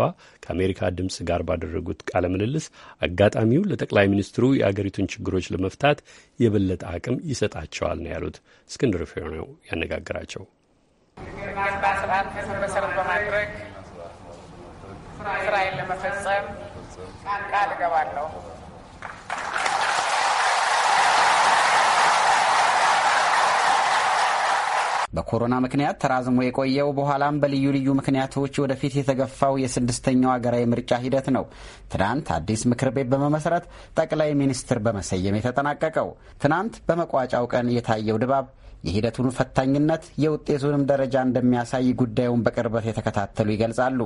ከአሜሪካ ድምፅ ጋር ባደረጉት ቃለ ምልልስ አጋጣሚው ለጠቅላይ ሚኒስትሩ የአገሪቱን ችግሮች ለመፍታት የበለጠ አቅም ይሰጣቸዋል ነው ያሉት። እስክንድር ፍሬው ነው ያነጋገራቸው። መሰረት በማድረግ ስራዬን ለመፈጸም ቃል እገባለሁ። በኮሮና ምክንያት ተራዝሞ የቆየው በኋላም በልዩ ልዩ ምክንያቶች ወደፊት የተገፋው የስድስተኛው ሀገራዊ ምርጫ ሂደት ነው ትናንት አዲስ ምክር ቤት በመመስረት ጠቅላይ ሚኒስትር በመሰየም የተጠናቀቀው። ትናንት በመቋጫው ቀን የታየው ድባብ የሂደቱን ፈታኝነት የውጤቱንም ደረጃ እንደሚያሳይ ጉዳዩን በቅርበት የተከታተሉ ይገልጻሉ።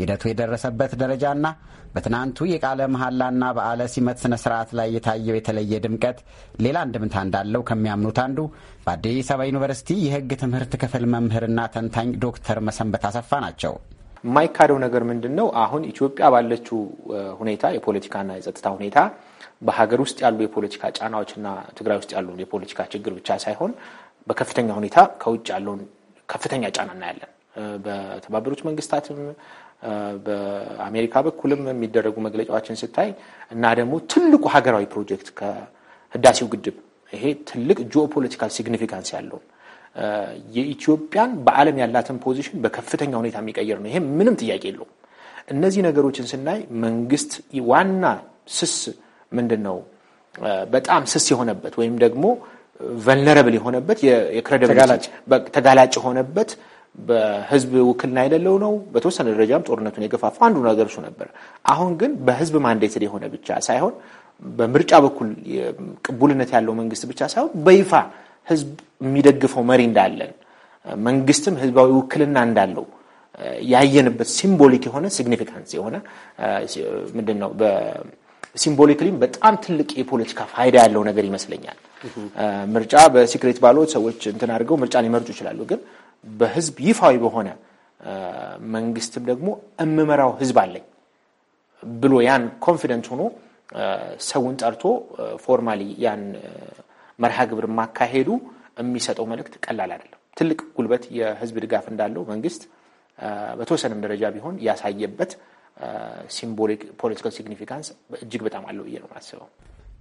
ሂደቱ የደረሰበት ደረጃና በትናንቱ የቃለ መሐላና በዓለ ሲመት ስነ ስርዓት ላይ የታየው የተለየ ድምቀት ሌላ እንድምታ እንዳለው ከሚያምኑት አንዱ በአዲስ አበባ ዩኒቨርሲቲ የሕግ ትምህርት ክፍል መምህርና ተንታኝ ዶክተር መሰንበት አሰፋ ናቸው። የማይካደው ነገር ምንድን ነው? አሁን ኢትዮጵያ ባለችው ሁኔታ የፖለቲካና የጸጥታ ሁኔታ በሀገር ውስጥ ያሉ የፖለቲካ ጫናዎችና ትግራይ ውስጥ ያሉ የፖለቲካ ችግር ብቻ ሳይሆን በከፍተኛ ሁኔታ ከውጭ ያለውን ከፍተኛ ጫና እናያለን። በተባበሩት መንግስታትም በአሜሪካ በኩልም የሚደረጉ መግለጫዎችን ስታይ እና ደግሞ ትልቁ ሀገራዊ ፕሮጀክት ከህዳሴው ግድብ ይሄ ትልቅ ጂኦፖለቲካል ሲግኒፊካንስ ያለው የኢትዮጵያን በዓለም ያላትን ፖዚሽን በከፍተኛ ሁኔታ የሚቀይር ነው። ይሄ ምንም ጥያቄ የለውም። እነዚህ ነገሮችን ስናይ መንግስት ዋና ስስ ምንድን ነው በጣም ስስ የሆነበት ወይም ደግሞ ቨልነረብል የሆነበት የክሬዲቢሊቲ ተጋላጭ የሆነበት በህዝብ ውክልና የሌለው ነው። በተወሰነ ደረጃም ጦርነቱን የገፋፋ አንዱ ነገር እሱ ነበር። አሁን ግን በህዝብ ማንዴትድ የሆነ ብቻ ሳይሆን በምርጫ በኩል ቅቡልነት ያለው መንግስት ብቻ ሳይሆን በይፋ ህዝብ የሚደግፈው መሪ እንዳለን መንግስትም ህዝባዊ ውክልና እንዳለው ያየንበት ሲምቦሊክ የሆነ ሲግኒፊካንስ የሆነ ምንድን ነው ሲምቦሊክሊም በጣም ትልቅ የፖለቲካ ፋይዳ ያለው ነገር ይመስለኛል። ምርጫ በሲክሬት ባሎት ሰዎች እንትን አድርገው ምርጫ ሊመርጡ ይችላሉ። ግን በህዝብ ይፋዊ በሆነ መንግስትም ደግሞ እምመራው ህዝብ አለኝ ብሎ ያን ኮንፊደንት ሆኖ ሰውን ጠርቶ ፎርማሊ ያን መርሃ ግብር ማካሄዱ የሚሰጠው መልእክት ቀላል አይደለም። ትልቅ ጉልበት የህዝብ ድጋፍ እንዳለው መንግስት በተወሰነም ደረጃ ቢሆን ያሳየበት ሲምቦሊክ ፖለቲካል ሲግኒፊካንስ እጅግ በጣም አለው ብዬ ነው የማስበው።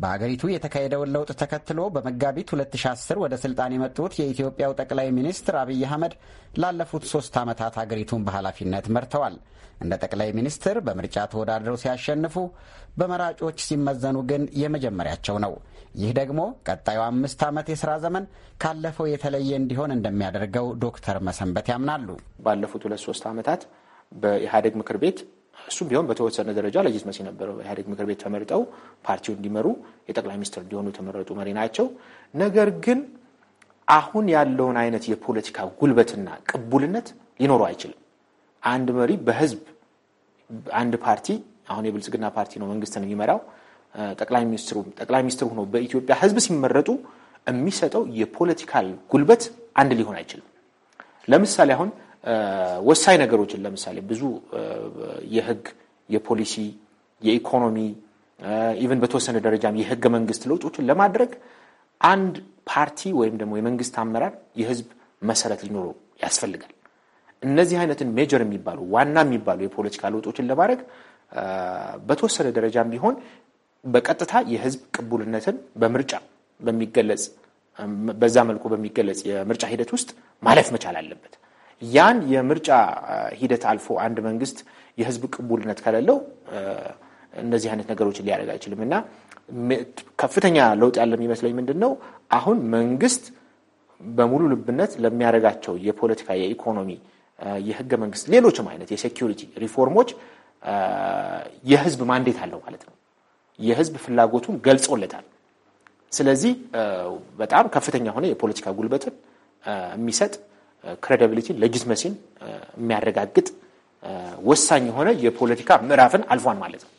በአገሪቱ የተካሄደውን ለውጥ ተከትሎ በመጋቢት 2010 ወደ ስልጣን የመጡት የኢትዮጵያው ጠቅላይ ሚኒስትር አብይ አህመድ ላለፉት ሶስት ዓመታት አገሪቱን በኃላፊነት መርተዋል። እንደ ጠቅላይ ሚኒስትር በምርጫ ተወዳድረው ሲያሸንፉ፣ በመራጮች ሲመዘኑ ግን የመጀመሪያቸው ነው። ይህ ደግሞ ቀጣዩ አምስት ዓመት የሥራ ዘመን ካለፈው የተለየ እንዲሆን እንደሚያደርገው ዶክተር መሰንበት ያምናሉ። ባለፉት ሁለት ሶስት ዓመታት በኢህአዴግ ምክር ቤት እሱም ቢሆን በተወሰነ ደረጃ ለይት መሲ ነበረ ኢህአዴግ ምክር ቤት ተመርጠው ፓርቲው እንዲመሩ የጠቅላይ ሚኒስትር እንዲሆኑ የተመረጡ መሪ ናቸው። ነገር ግን አሁን ያለውን አይነት የፖለቲካ ጉልበትና ቅቡልነት ሊኖረው አይችልም። አንድ መሪ በህዝብ አንድ ፓርቲ አሁን የብልጽግና ፓርቲ ነው መንግስትን የሚመራው ጠቅላይ ሚኒስትሩ ጠቅላይ ሚኒስትር ሆኖ በኢትዮጵያ ህዝብ ሲመረጡ የሚሰጠው የፖለቲካል ጉልበት አንድ ሊሆን አይችልም። ለምሳሌ አሁን ወሳኝ ነገሮችን ለምሳሌ ብዙ የህግ፣ የፖሊሲ፣ የኢኮኖሚ ኢቨን በተወሰነ ደረጃም የህገ መንግስት ለውጦችን ለማድረግ አንድ ፓርቲ ወይም ደግሞ የመንግስት አመራር የህዝብ መሰረት ሊኖረው ያስፈልጋል። እነዚህ አይነትን ሜጀር የሚባሉ ዋና የሚባሉ የፖለቲካ ለውጦችን ለማድረግ በተወሰነ ደረጃም ቢሆን በቀጥታ የህዝብ ቅቡልነትን በምርጫ በሚገለጽ በዛ መልኩ በሚገለጽ የምርጫ ሂደት ውስጥ ማለፍ መቻል አለበት። ያን የምርጫ ሂደት አልፎ አንድ መንግስት የህዝብ ቅቡልነት ከሌለው እነዚህ አይነት ነገሮችን ሊያደርግ አይችልም እና ከፍተኛ ለውጥ ያለ የሚመስለኝ ምንድን ነው አሁን መንግስት በሙሉ ልብነት ለሚያደርጋቸው የፖለቲካ፣ የኢኮኖሚ፣ የህገ መንግስት ሌሎችም አይነት የሴኪሪቲ ሪፎርሞች የህዝብ ማንዴት አለው ማለት ነው። የህዝብ ፍላጎቱን ገልጾለታል። ስለዚህ በጣም ከፍተኛ የሆነ የፖለቲካ ጉልበትን የሚሰጥ ክሬዲቢሊቲ ሌጂትመሲን የሚያረጋግጥ ወሳኝ የሆነ የፖለቲካ ምዕራፍን አልፏን ማለት ነው።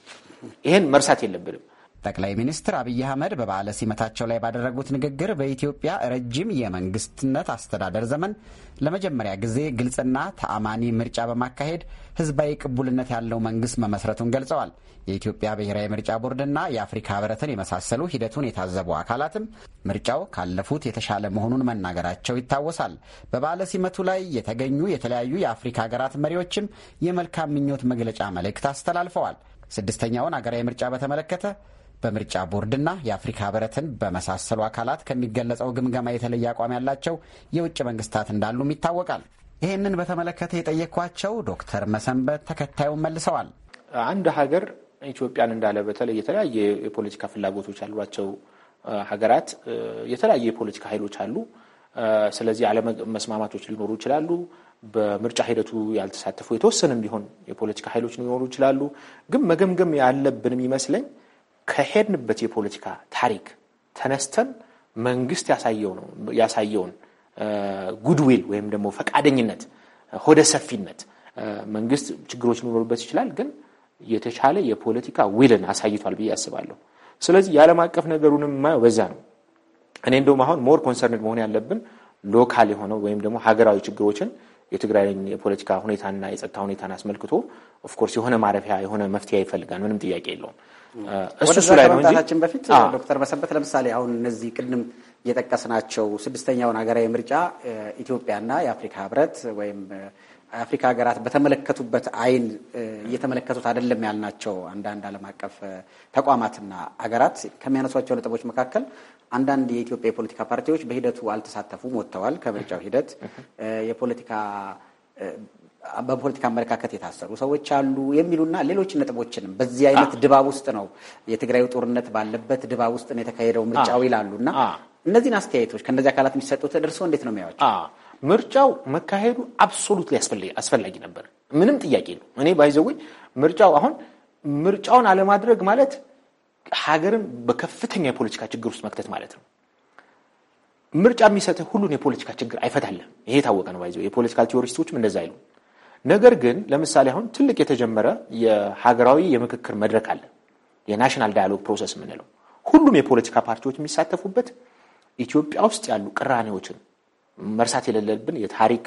ይህን መርሳት የለብንም። ጠቅላይ ሚኒስትር አብይ አህመድ በበዓለ ሲመታቸው ላይ ባደረጉት ንግግር በኢትዮጵያ ረጅም የመንግስትነት አስተዳደር ዘመን ለመጀመሪያ ጊዜ ግልጽና ተአማኒ ምርጫ በማካሄድ ህዝባዊ ቅቡልነት ያለው መንግስት መመስረቱን ገልጸዋል። የኢትዮጵያ ብሔራዊ ምርጫ ቦርድና የአፍሪካ ህብረትን የመሳሰሉ ሂደቱን የታዘቡ አካላትም ምርጫው ካለፉት የተሻለ መሆኑን መናገራቸው ይታወሳል። በበዓለ ሲመቱ ላይ የተገኙ የተለያዩ የአፍሪካ ሀገራት መሪዎችም የመልካም ምኞት መግለጫ መልእክት አስተላልፈዋል። ስድስተኛውን አገራዊ ምርጫ በተመለከተ በምርጫ ቦርድና የአፍሪካ ህብረትን በመሳሰሉ አካላት ከሚገለጸው ግምገማ የተለየ አቋም ያላቸው የውጭ መንግስታት እንዳሉም ይታወቃል። ይህንን በተመለከተ የጠየቅኳቸው ዶክተር መሰንበት ተከታዩን መልሰዋል። አንድ ሀገር ኢትዮጵያን እንዳለ በተለይ የተለያየ የፖለቲካ ፍላጎቶች ያሏቸው ሀገራት የተለያየ የፖለቲካ ኃይሎች አሉ። ስለዚህ አለመስማማቶች ሊኖሩ ይችላሉ። በምርጫ ሂደቱ ያልተሳተፉ የተወሰነም ቢሆን የፖለቲካ ኃይሎች ሊኖሩ ይችላሉ። ግን መገምገም ያለብን የሚመስለኝ ከሄድንበት የፖለቲካ ታሪክ ተነስተን መንግስት ያሳየውን ጉድዊል ወይም ደግሞ ፈቃደኝነት፣ ሆደ ሰፊነት መንግስት ችግሮች ሊኖሩበት ይችላል፣ ግን የተሻለ የፖለቲካ ዊልን አሳይቷል ብዬ አስባለሁ። ስለዚህ የዓለም አቀፍ ነገሩንም የማየው በዛ ነው። እኔ እንደውም አሁን ሞር ኮንሰርንድ መሆን ያለብን ሎካል የሆነው ወይም ደግሞ ሀገራዊ ችግሮችን የትግራይን የፖለቲካ ሁኔታና የጸጥታ ሁኔታን አስመልክቶ ኦፍኮርስ የሆነ ማረፊያ የሆነ መፍትሄ ይፈልጋል። ምንም ጥያቄ የለውም። እሱ እሱ ላይ ነው በፊት ዶክተር መሰረት ለምሳሌ አሁን እነዚህ ቅድም የጠቀስናቸው ስድስተኛውን ሀገራዊ ምርጫ ኢትዮጵያና የአፍሪካ ህብረት ወይም የአፍሪካ ሀገራት በተመለከቱበት አይን እየተመለከቱት አይደለም ያልናቸው አንዳንድ ዓለም አቀፍ ተቋማትና ሀገራት ከሚያነሷቸው ነጥቦች መካከል አንዳንድ የኢትዮጵያ የፖለቲካ ፓርቲዎች በሂደቱ አልተሳተፉም፣ ወጥተዋል። ከምርጫው ሂደት የፖለቲካ በፖለቲካ አመለካከት የታሰሩ ሰዎች አሉ የሚሉና ሌሎች ነጥቦችንም በዚህ አይነት ድባብ ውስጥ ነው የትግራዩ ጦርነት ባለበት ድባብ ውስጥ ነው የተካሄደው ምርጫው ይላሉ እና እነዚህን አስተያየቶች ከእነዚህ አካላት የሚሰጡት እርስዎ እንዴት ነው የሚያዩት? ምርጫው መካሄዱ አብሶሉት አስፈላጊ ነበር፣ ምንም ጥያቄ ነው። እኔ ባይዘወኝ ምርጫው አሁን ምርጫውን አለማድረግ ማለት ሀገርን በከፍተኛ የፖለቲካ ችግር ውስጥ መክተት ማለት ነው። ምርጫ የሚሰጥህ ሁሉን የፖለቲካ ችግር አይፈታለም ይሄ የታወቀ ነው። ይዘው የፖለቲካል ቲዎሪስቶችም እንደዛ አይሉ። ነገር ግን ለምሳሌ አሁን ትልቅ የተጀመረ የሀገራዊ የምክክር መድረክ አለ፣ የናሽናል ዳያሎግ ፕሮሰስ የምንለው ሁሉም የፖለቲካ ፓርቲዎች የሚሳተፉበት ኢትዮጵያ ውስጥ ያሉ ቅራኔዎችን መርሳት የሌለብን የታሪክ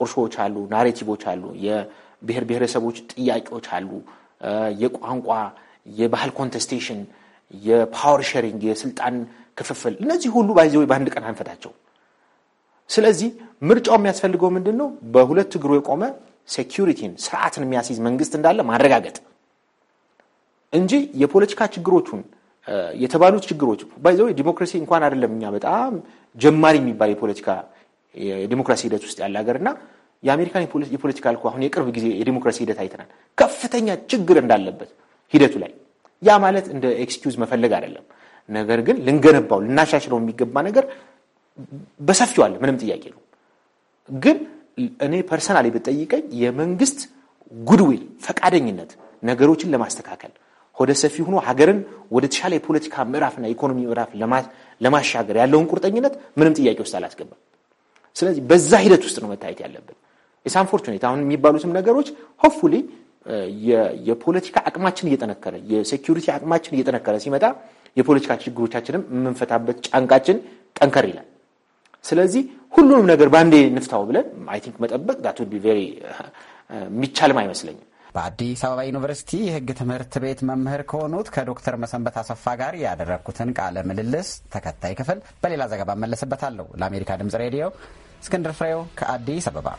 ቁርሾች አሉ፣ ናሬቲቮች አሉ፣ የብሔር ብሔረሰቦች ጥያቄዎች አሉ፣ የቋንቋ የባህል ኮንቴስቴሽን፣ የፓወር ሼሪንግ፣ የስልጣን ክፍፍል እነዚህ ሁሉ ባይዘ በአንድ ቀን አንፈታቸው። ስለዚህ ምርጫው የሚያስፈልገው ምንድን ነው? በሁለት እግሩ የቆመ ሴኪሪቲን ስርዓትን የሚያስይዝ መንግስት እንዳለ ማረጋገጥ እንጂ የፖለቲካ ችግሮቹን የተባሉት ችግሮች ባይዘ ዲሞክራሲ እንኳን አይደለም እኛ በጣም ጀማሪ የሚባል የፖለቲካ የዲሞክራሲ ሂደት ውስጥ ያለ ሀገርና የአሜሪካን የፖለቲካ አልኩ አሁን የቅርብ ጊዜ የዲሞክራሲ ሂደት አይተናል። ከፍተኛ ችግር እንዳለበት ሂደቱ ላይ ያ ማለት እንደ ኤክስኪውዝ መፈለግ አይደለም። ነገር ግን ልንገነባው ልናሻሽለው የሚገባ ነገር በሰፊው አለ፣ ምንም ጥያቄ ነው። ግን እኔ ፐርሰናሊ ብጠይቀኝ የመንግስት ጉድዊል ፈቃደኝነት ነገሮችን ለማስተካከል ወደ ሰፊ ሆኖ ሀገርን ወደ ተሻለ የፖለቲካ ምዕራፍና የኢኮኖሚ ምዕራፍ ለማሻገር ያለውን ቁርጠኝነት ምንም ጥያቄ ውስጥ አላስገባም። ስለዚህ በዛ ሂደት ውስጥ ነው መታየት ያለብን። ኢትስ አንፎርቹኔት አሁን የሚባሉትም ነገሮች ሆፕፉሊ የፖለቲካ አቅማችን እየጠነከረ የሴኪሪቲ አቅማችን እየጠነከረ ሲመጣ የፖለቲካ ችግሮቻችንም የምንፈታበት ጫንቃችን ጠንከር ይላል። ስለዚህ ሁሉንም ነገር በአንዴ ንፍታው ብለን አይ ቲንክ መጠበቅ ዳት ቢ ቬሪ የሚቻልም አይመስለኝም። በአዲስ አበባ ዩኒቨርሲቲ የሕግ ትምህርት ቤት መምህር ከሆኑት ከዶክተር መሰንበት አሰፋ ጋር ያደረግኩትን ቃለ ምልልስ ተከታይ ክፍል በሌላ ዘገባ መለስበታለሁ ለአሜሪካ ድምጽ ሬዲዮ እስክንድር ፍሬው ከአዲስ አበባ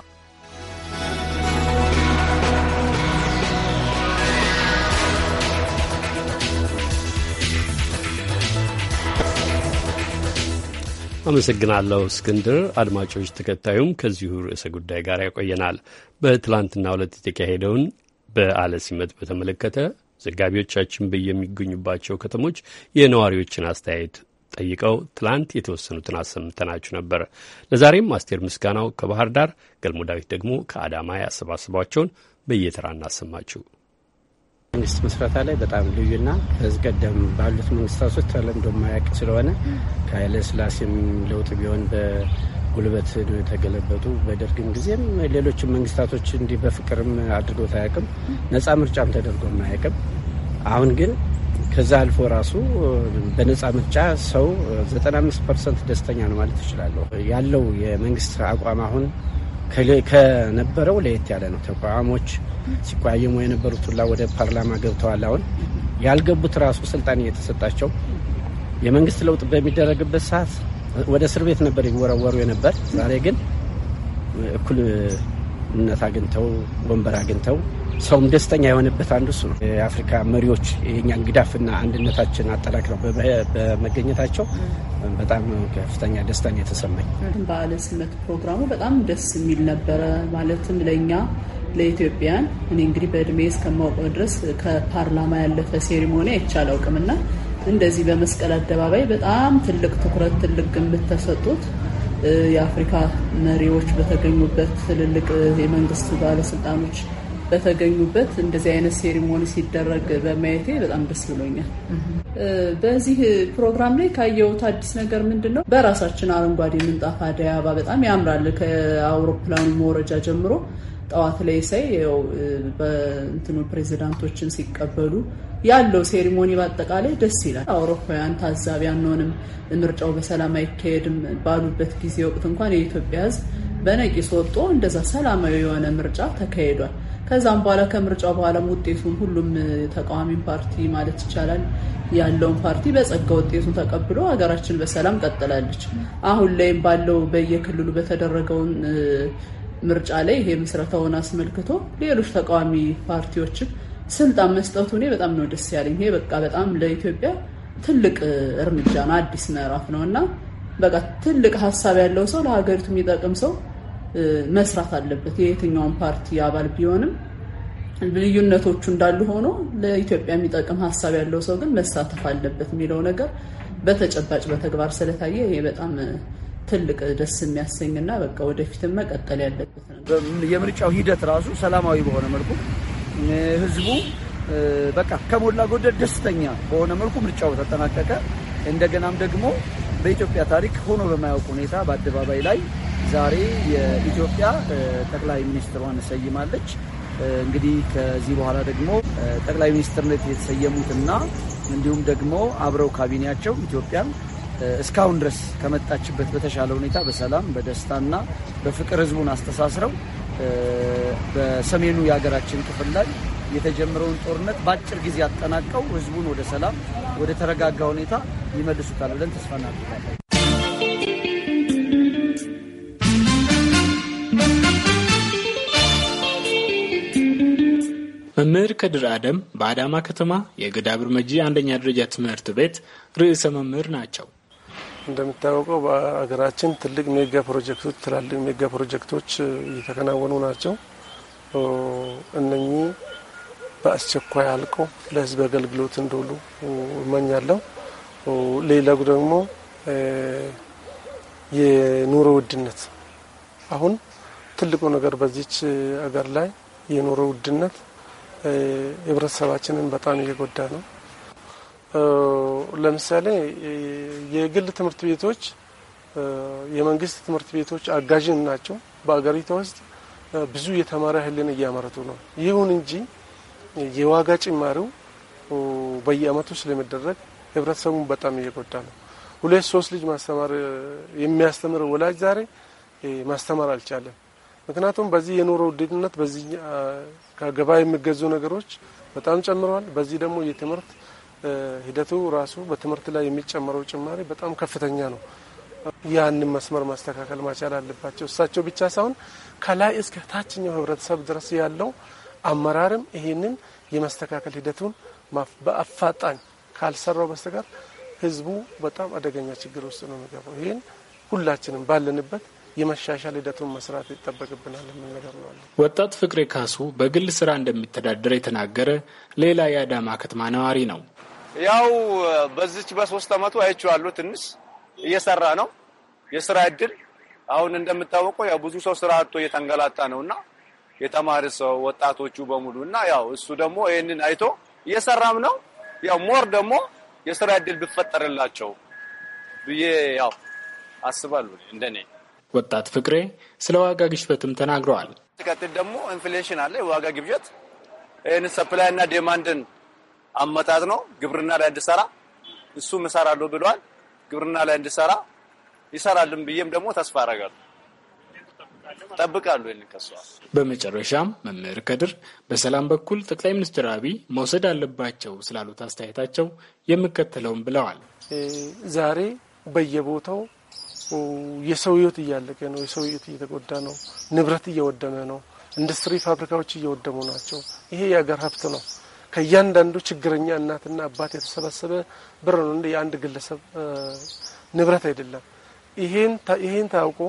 አመሰግናለሁ እስክንድር። አድማጮች፣ ተከታዩም ከዚሁ ርዕሰ ጉዳይ ጋር ያቆየናል። በትላንትና ሁለት የተካሄደውን በዓለ ሲመት በተመለከተ ዘጋቢዎቻችን በየሚገኙባቸው ከተሞች የነዋሪዎችን አስተያየት ጠይቀው ትላንት የተወሰኑትን አሰምተናችሁ ነበር። ለዛሬም አስቴር ምስጋናው ከባህር ዳር፣ ገልሞ ዳዊት ደግሞ ከአዳማ ያሰባስቧቸውን በየተራ እናሰማችሁ። መንግስት ምስረታ ላይ በጣም ልዩና ከዚህ ቀደም ባሉት ውስጥ ተለምዶ ማያውቅ ስለሆነ ከኃይለ ስላሴም ለውጥ ቢሆን በጉልበት ነው የተገለበጡ። በደርግም ጊዜም ሌሎችም መንግስታቶች እንዲህ በፍቅርም አድርጎት አያውቅም። ነፃ ምርጫም ተደርጎ አያውቅም። አሁን ግን ከዛ አልፎ ራሱ በነፃ ምርጫ ሰው 95 ፐርሰንት ደስተኛ ነው ማለት ይችላለሁ። ያለው የመንግስት አቋም አሁን ከነበረው ለየት ያለ ነው። ተቋሞች ሲቋየሙ የነበሩት ሁላ ወደ ፓርላማ ገብተዋል። አሁን ያልገቡት ራሱ ስልጣን እየተሰጣቸው የመንግስት ለውጥ በሚደረግበት ሰዓት ወደ እስር ቤት ነበር ይወረወሩ የነበር። ዛሬ ግን እኩልነት አግኝተው ወንበር አግኝተው ሰውም ደስተኛ የሆነበት አንዱ እሱ ነው። የአፍሪካ መሪዎች የኛ ግዳፍና አንድነታችን አጠናክረው በመገኘታቸው በጣም ከፍተኛ ደስታን የተሰማኝ። በዓለ ስመት ፕሮግራሙ በጣም ደስ የሚል ነበረ። ማለትም ለእኛ ለኢትዮጵያን እኔ እንግዲህ በእድሜ እስከማውቀው ድረስ ከፓርላማ ያለፈ ሴሪሞኒ አይቼ እንደዚህ በመስቀል አደባባይ በጣም ትልቅ ትኩረት፣ ትልቅ ግምት ተሰጡት። የአፍሪካ መሪዎች በተገኙበት ትልልቅ የመንግስት ባለስልጣኖች በተገኙበት እንደዚህ አይነት ሴሪሞኒ ሲደረግ በማየቴ በጣም ደስ ብሎኛል። በዚህ ፕሮግራም ላይ ካየሁት አዲስ ነገር ምንድን ነው? በራሳችን አረንጓዴ ምንጣፍ አደይ አበባ በጣም ያምራል። ከአውሮፕላኑ መውረጃ ጀምሮ ጠዋት ላይ ሳይ በእንትኑ ፕሬዚዳንቶችን ሲቀበሉ ያለው ሴሪሞኒ በአጠቃላይ ደስ ይላል። አውሮፓውያን ታዛቢ አንሆንም፣ ምርጫው በሰላም አይካሄድም ባሉበት ጊዜ ወቅት እንኳን የኢትዮጵያ ሕዝብ በነቂስ ወጥቶ እንደዛ ሰላማዊ የሆነ ምርጫ ተካሂዷል። ከዛም በኋላ ከምርጫ በኋላም ውጤቱን ሁሉም ተቃዋሚ ፓርቲ ማለት ይቻላል ያለውን ፓርቲ በጸጋ ውጤቱን ተቀብሎ ሀገራችን በሰላም ቀጥላለች። አሁን ላይም ባለው በየክልሉ በተደረገውን ምርጫ ላይ ይሄ ምስረታውን አስመልክቶ ሌሎች ተቃዋሚ ፓርቲዎችን ስልጣን መስጠቱ እኔ በጣም ነው ደስ ያለኝ። ይሄ በቃ በጣም ለኢትዮጵያ ትልቅ እርምጃ ነው፣ አዲስ ምዕራፍ ነው እና በቃ ትልቅ ሀሳብ ያለው ሰው ለሀገሪቱ የሚጠቅም ሰው መስራት አለበት። የየትኛውን ፓርቲ አባል ቢሆንም ልዩነቶቹ እንዳሉ ሆኖ ለኢትዮጵያ የሚጠቅም ሀሳብ ያለው ሰው ግን መሳተፍ አለበት የሚለው ነገር በተጨባጭ በተግባር ስለታየ ይሄ በጣም ትልቅ ደስ የሚያሰኝና በቃ ወደፊትም መቀጠል ያለበት ነው። የምርጫው ሂደት ራሱ ሰላማዊ በሆነ መልኩ ህዝቡ በቃ ከሞላ ጎደል ደስተኛ በሆነ መልኩ ምርጫው ተጠናቀቀ። እንደገናም ደግሞ በኢትዮጵያ ታሪክ ሆኖ በማያውቅ ሁኔታ በአደባባይ ላይ ዛሬ የኢትዮጵያ ጠቅላይ ሚኒስትሯን ሰይማለች። እንግዲህ ከዚህ በኋላ ደግሞ ጠቅላይ ሚኒስትርነት የተሰየሙትና እንዲሁም ደግሞ አብረው ካቢኔያቸው ኢትዮጵያን እስካሁን ድረስ ከመጣችበት በተሻለ ሁኔታ በሰላም በደስታና በፍቅር ህዝቡን አስተሳስረው በሰሜኑ የሀገራችን ክፍል ላይ የተጀመረውን ጦርነት በአጭር ጊዜ አጠናቀው ህዝቡን ወደ ሰላም፣ ወደ ተረጋጋ ሁኔታ ይመልሱታል ብለን ተስፋ እናደርጋለን። መምህር ከድር አደም በአዳማ ከተማ የግዳብር መጂ አንደኛ ደረጃ ትምህርት ቤት ርዕሰ መምህር ናቸው። እንደሚታወቀው በሀገራችን ትልቅ ሜጋ ፕሮጀክቶች ትላልቅ ሜጋ ፕሮጀክቶች እየተከናወኑ ናቸው። እነኚህ በአስቸኳይ አልቆ ለህዝብ አገልግሎት እንደውሉ እመኛለሁ። ሌላው ደግሞ የኑሮ ውድነት አሁን ትልቁ ነገር በዚች አገር ላይ የኑሮ ውድነት ህብረተሰባችንን በጣም እየጎዳ ነው። ለምሳሌ የግል ትምህርት ቤቶች የመንግስት ትምህርት ቤቶች አጋዥን ናቸው። በአገሪቷ ውስጥ ብዙ የተማረ ህልን እያመረቱ ነው። ይሁን እንጂ የዋጋ ጭማሪው በየአመቱ ስለሚደረግ ህብረተሰቡን በጣም እየጎዳ ነው። ሁለት ሶስት ልጅ ማስተማር የሚያስተምረው ወላጅ ዛሬ ማስተማር አልቻለም። ምክንያቱም በዚህ የኑሮ ውድነት በዚህ ከገባ የሚገዙ ነገሮች በጣም ጨምረዋል። በዚህ ደግሞ የትምህርት ሂደቱ ራሱ በትምህርት ላይ የሚጨመረው ጭማሪ በጣም ከፍተኛ ነው። ያንን መስመር ማስተካከል ማቻል አለባቸው። እሳቸው ብቻ ሳይሆን ከላይ እስከ ታችኛው ህብረተሰብ ድረስ ያለው አመራርም ይሄንን የመስተካከል ሂደቱን በአፋጣኝ ካልሰራው በስተቀር ህዝቡ በጣም አደገኛ ችግር ውስጥ ነው የሚገባው። ይህን ሁላችንም ባለንበት የመሻሻል ሂደቱን መስራት ይጠበቅብናል የሚል ነገር ነው። ወጣት ፍቅሬ ካሱ በግል ስራ እንደሚተዳደር የተናገረ ሌላ የአዳማ ከተማ ነዋሪ ነው። ያው በዚች በሶስት አመቱ አይቼዋለሁ። ትንሽ እየሰራ ነው የስራ እድል አሁን እንደምታወቀው ያው ብዙ ሰው ስራ አጥቶ እየተንገላታ ነውና የተማረ ሰው ወጣቶቹ በሙሉ እና ያው እሱ ደግሞ ይህንን አይቶ እየሰራም ነው። ያው ሞር ደግሞ የስራ እድል ብፈጠርላቸው ብዬ ያው አስባሉ። እንደኔ። ወጣት ፍቅሬ ስለ ዋጋ ግሽበትም ተናግረዋል። ሲቀጥል ደግሞ ኢንፍሌሽን አለ፣ የዋጋ ግብጀት ይህን ሰፕላይ እና ዴማንድን አመጣጥ ነው። ግብርና ላይ እንድሰራ እሱም እሰራለሁ ብሏል። ግብርና ላይ እንድሰራ ይሰራልን ብዬም ደግሞ ተስፋ አደርጋለሁ። ጠብቃሉ ይህን በመጨረሻም መምህር ከድር በሰላም በኩል ጠቅላይ ሚኒስትር አብይ መውሰድ አለባቸው ስላሉት አስተያየታቸው የሚከተለውም ብለዋል። ዛሬ በየቦታው የሰው ህይወት እያለቀ ነው። የሰው ህይወት እየተጎዳ ነው። ንብረት እየወደመ ነው። ኢንዱስትሪ ፋብሪካዎች እየወደሙ ናቸው። ይሄ የሀገር ሀብት ነው። ከእያንዳንዱ ችግረኛ እናትና አባት የተሰበሰበ ብር ነው እንደ የአንድ ግለሰብ ንብረት አይደለም። ይሄን ታውቆ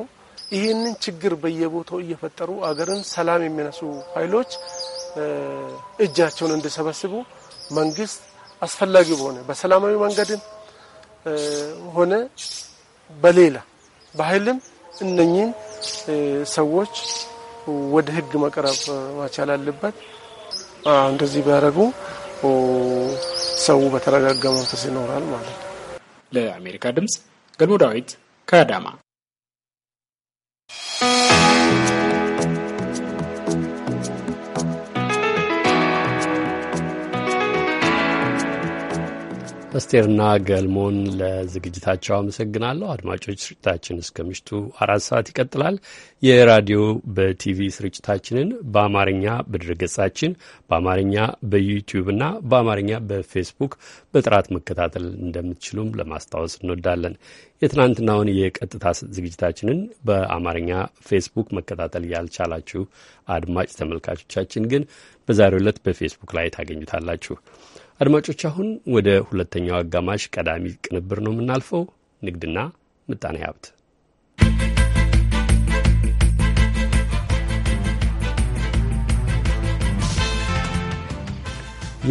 ይህንን ችግር በየቦታው እየፈጠሩ አገርን ሰላም የሚነሱ ኃይሎች እጃቸውን እንዲሰበስቡ መንግስት አስፈላጊ በሆነ በሰላማዊ መንገድም ሆነ በሌላ በኃይልም እነኚህን ሰዎች ወደ ህግ መቅረብ መቻል አለበት። እንደዚህ ቢያደርጉ ሰው በተረጋጋ መንፈስ ይኖራል ማለት ነው። ለአሜሪካ ድምፅ ገልሞ ዳዊት ከአዳማ Thank you. አስቴርና ገልሞን ለዝግጅታቸው አመሰግናለሁ። አድማጮች ስርጭታችን እስከ ምሽቱ አራት ሰዓት ይቀጥላል። የራዲዮ በቲቪ ስርጭታችንን በአማርኛ በድረገጻችን በአማርኛ በዩቲዩብ እና በአማርኛ በፌስቡክ በጥራት መከታተል እንደምትችሉም ለማስታወስ እንወዳለን። የትናንትናውን የቀጥታ ዝግጅታችንን በአማርኛ ፌስቡክ መከታተል ያልቻላችሁ አድማጭ ተመልካቾቻችን ግን በዛሬው ዕለት በፌስቡክ ላይ ታገኙታላችሁ። አድማጮች፣ አሁን ወደ ሁለተኛው አጋማሽ ቀዳሚ ቅንብር ነው የምናልፈው፣ ንግድና ምጣኔ ሀብት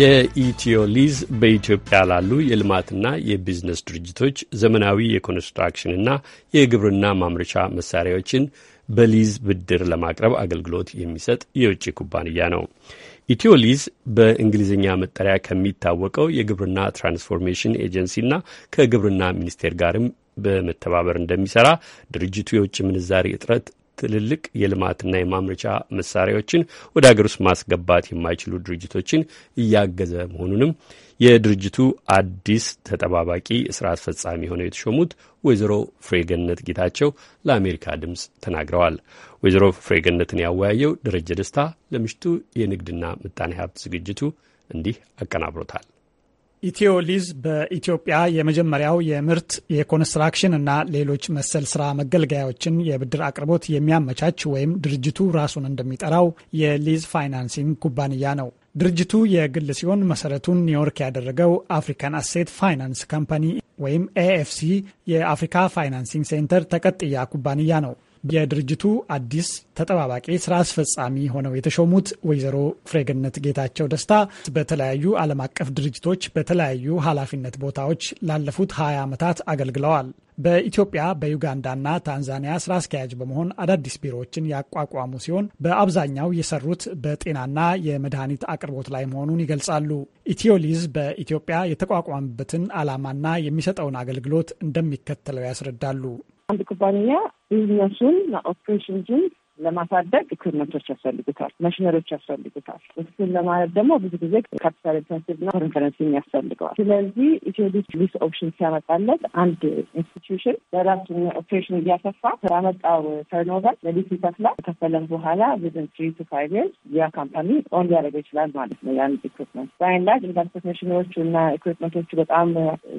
የኢትዮ ሊዝ በኢትዮጵያ ላሉ የልማትና የቢዝነስ ድርጅቶች ዘመናዊ የኮንስትራክሽንና የግብርና ማምረቻ መሳሪያዎችን በሊዝ ብድር ለማቅረብ አገልግሎት የሚሰጥ የውጭ ኩባንያ ነው። ኢትዮሊዝ በእንግሊዝኛ መጠሪያ ከሚታወቀው የግብርና ትራንስፎርሜሽን ኤጀንሲና ከግብርና ሚኒስቴር ጋርም በመተባበር እንደሚሰራ ድርጅቱ የውጭ ምንዛሪ እጥረት ትልልቅ የልማትና የማምረቻ መሳሪያዎችን ወደ ሀገር ውስጥ ማስገባት የማይችሉ ድርጅቶችን እያገዘ መሆኑንም የድርጅቱ አዲስ ተጠባባቂ ስራ አስፈጻሚ ሆነው የተሾሙት ወይዘሮ ፍሬገነት ጌታቸው ለአሜሪካ ድምፅ ተናግረዋል። ወይዘሮ ፍሬገነትን ያወያየው ደረጀ ደስታ ለምሽቱ የንግድና ምጣኔ ሀብት ዝግጅቱ እንዲህ አቀናብሮታል። ኢትዮ ሊዝ በኢትዮጵያ የመጀመሪያው የምርት የኮንስትራክሽን እና ሌሎች መሰል ስራ መገልገያዎችን የብድር አቅርቦት የሚያመቻች ወይም ድርጅቱ ራሱን እንደሚጠራው የሊዝ ፋይናንሲንግ ኩባንያ ነው። ድርጅቱ የግል ሲሆን መሰረቱን ኒውዮርክ ያደረገው አፍሪካን አሴት ፋይናንስ ካምፓኒ ወይም ኤኤፍሲ የአፍሪካ ፋይናንሲንግ ሴንተር ተቀጥያ ኩባንያ ነው። የድርጅቱ አዲስ ተጠባባቂ ስራ አስፈጻሚ ሆነው የተሾሙት ወይዘሮ ፍሬገነት ጌታቸው ደስታ በተለያዩ ዓለም አቀፍ ድርጅቶች በተለያዩ ኃላፊነት ቦታዎች ላለፉት 20 ዓመታት አገልግለዋል። በኢትዮጵያ በዩጋንዳና ታንዛኒያ ስራ አስኪያጅ በመሆን አዳዲስ ቢሮዎችን ያቋቋሙ ሲሆን በአብዛኛው የሰሩት በጤናና የመድኃኒት አቅርቦት ላይ መሆኑን ይገልጻሉ። ኢትዮሊዝ በኢትዮጵያ የተቋቋመበትን ዓላማና የሚሰጠውን አገልግሎት እንደሚከተለው ያስረዳሉ። ambil kepalanya, ini langsung nak operation jeans. ለማሳደግ ኢኩፕመንቶች ያስፈልጉታል፣ መሽነሪዎች ያስፈልጉታል። እሱን ለማለት ደግሞ ብዙ ጊዜ ካፒታል ኢንተንሲቭ እና ፎሬን ከረንሲ ያስፈልገዋል። ስለዚህ ኢትዮ ሊዝ ኦፕሽን ሲያመጣለት አንድ ኢንስቲትዩሽን ለራሱ ኦፕሬሽን እያሰፋ ያመጣው ተርኖቨር ለሊዝ ይከፍላል። ከከፈለም በኋላ ዊዝን ትሪ ቱ ፋይቭ ይርስ ያ ካምፓኒ ኦን ሊያደርገው ይችላል ማለት ነው ያን ኢኩፕመንት። በአይን ላይ ኢንቨስቶች መሽነሪዎቹ እና ኢኩፕመንቶቹ በጣም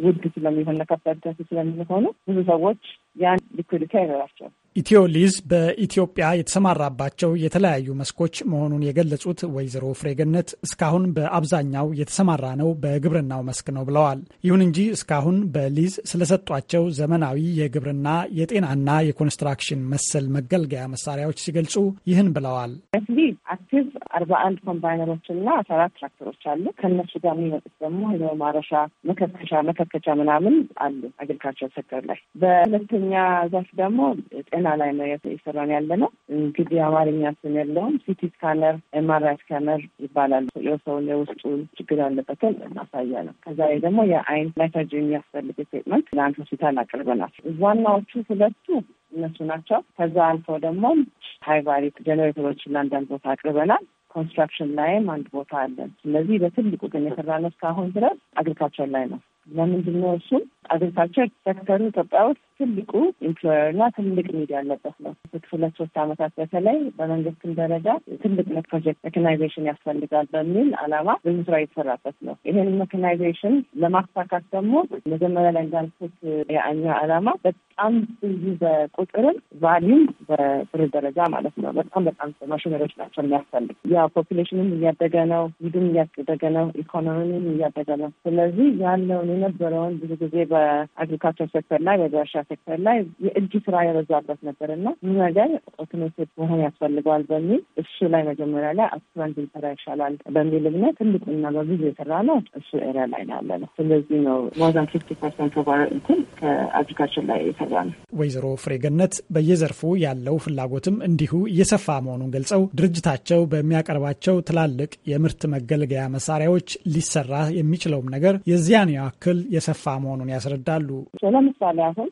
ውድ ስለሚሆን ለካፒታል ኢንተንሲቭ ስለሚሆኑ ብዙ ሰዎች ያን ሊኩዲቲ አይኖራቸውም። ኢትዮ ሊዝ በኢትዮጵያ የተሰማራባቸው የተለያዩ መስኮች መሆኑን የገለጹት ወይዘሮ ፍሬገነት እስካሁን በአብዛኛው የተሰማራ ነው በግብርናው መስክ ነው ብለዋል። ይሁን እንጂ እስካሁን በሊዝ ስለሰጧቸው ዘመናዊ የግብርና የጤናና የኮንስትራክሽን መሰል መገልገያ መሳሪያዎች ሲገልጹ ይህን ብለዋል። አክቲቭ አርባ አንድ ኮምባይነሮች እና አስራ አራት ትራክተሮች አሉ። ከእነሱ ጋር የሚመጡት ደግሞ ማረሻ፣ መከከሻ መከከቻ ምናምን አሉ አግሪካልቸር ሴክተር ላይ። በሁለተኛ ዛፍ ደግሞ ጤና ላይ ነው የሰራን ያለ ነው። እንግዲህ አማርኛ ስም የለውም። ሲቲ ስካነር፣ ኤምአርአይ ስካነር ይባላል። የሰውን የውስጡን ችግር ያለበትን እናሳያለን። ከዛ ላይ ደግሞ የአይን ናይተርጅ የሚያስፈልግ ስቴትመንት ለአንድ ሆስፒታል አቅርበናል። ዋናዎቹ ሁለቱ እነሱ ናቸው። ከዛ አልፎ ደግሞ ሃይቫሪ ጀኔሬተሮች ለአንዳንድ ቦታ አቅርበናል። ኮንስትራክሽን ላይም አንድ ቦታ አለን። ስለዚህ በትልቁ ግን የሰራነው እስካሁን ድረስ አግሪካልቸር ላይ ነው። ለምንድን ነው እሱም አግሪካልቸር ሴክተሩ ኢትዮጵያ ውስጥ ትልቁ ኢንፍሉዌር እና ትልቅ ሚድ ያለበት ነው። ሁለት ሶስት ዓመታት በተለይ በመንግስትም ደረጃ ትልቅ ፕሮጀክት መካናይዜሽን ያስፈልጋል በሚል አላማ ብዙ ስራ የተሰራበት ነው። ይህን መካናይዜሽን ለማሳካት ደግሞ መጀመሪያ ላይ እንዳልኩት የእኛ ዓላማ በጣም ብዙ በቁጥርም ቫሊም በጥር ደረጃ ማለት ነው። በጣም በጣም ማሽነሪዎች ናቸው የሚያስፈልግ። ያ ፖፕሌሽንም እያደገ ነው፣ ሂድም እያደገ ነው፣ ኢኮኖሚም እያደገ ነው። ስለዚህ ያለውን የነበረውን ብዙ ጊዜ በአግሪካልቸር ሴክተር ላይ በእርሻ ሴክተር ላይ የእጅ ስራ የበዛበት ነበር እና ምን ነገር ኦቶሜትድ መሆን ያስፈልገዋል በሚል እሱ ላይ መጀመሪያ ላይ አስበን ብንሰራ ይሻላል በሚል እምነት ትልቁና በብዙ የሰራ ነው እሱ ኤሪያ ላይ ነው ያለ ነው። ስለዚህ ነው ሞዛን ፊፍቲ ፐርሰንት ኦቨር እንትን ከአግሪካልቸር ላይ የሰራ ነው። ወይዘሮ ፍሬገነት በየዘርፉ ያለው ፍላጎትም እንዲሁ እየሰፋ መሆኑን ገልጸው ድርጅታቸው በሚያቀርባቸው ትላልቅ የምርት መገልገያ መሳሪያዎች ሊሰራ የሚችለውም ነገር የዚያን ያክል የሰፋ መሆኑን ያስረዳሉ። ለምሳሌ አሁን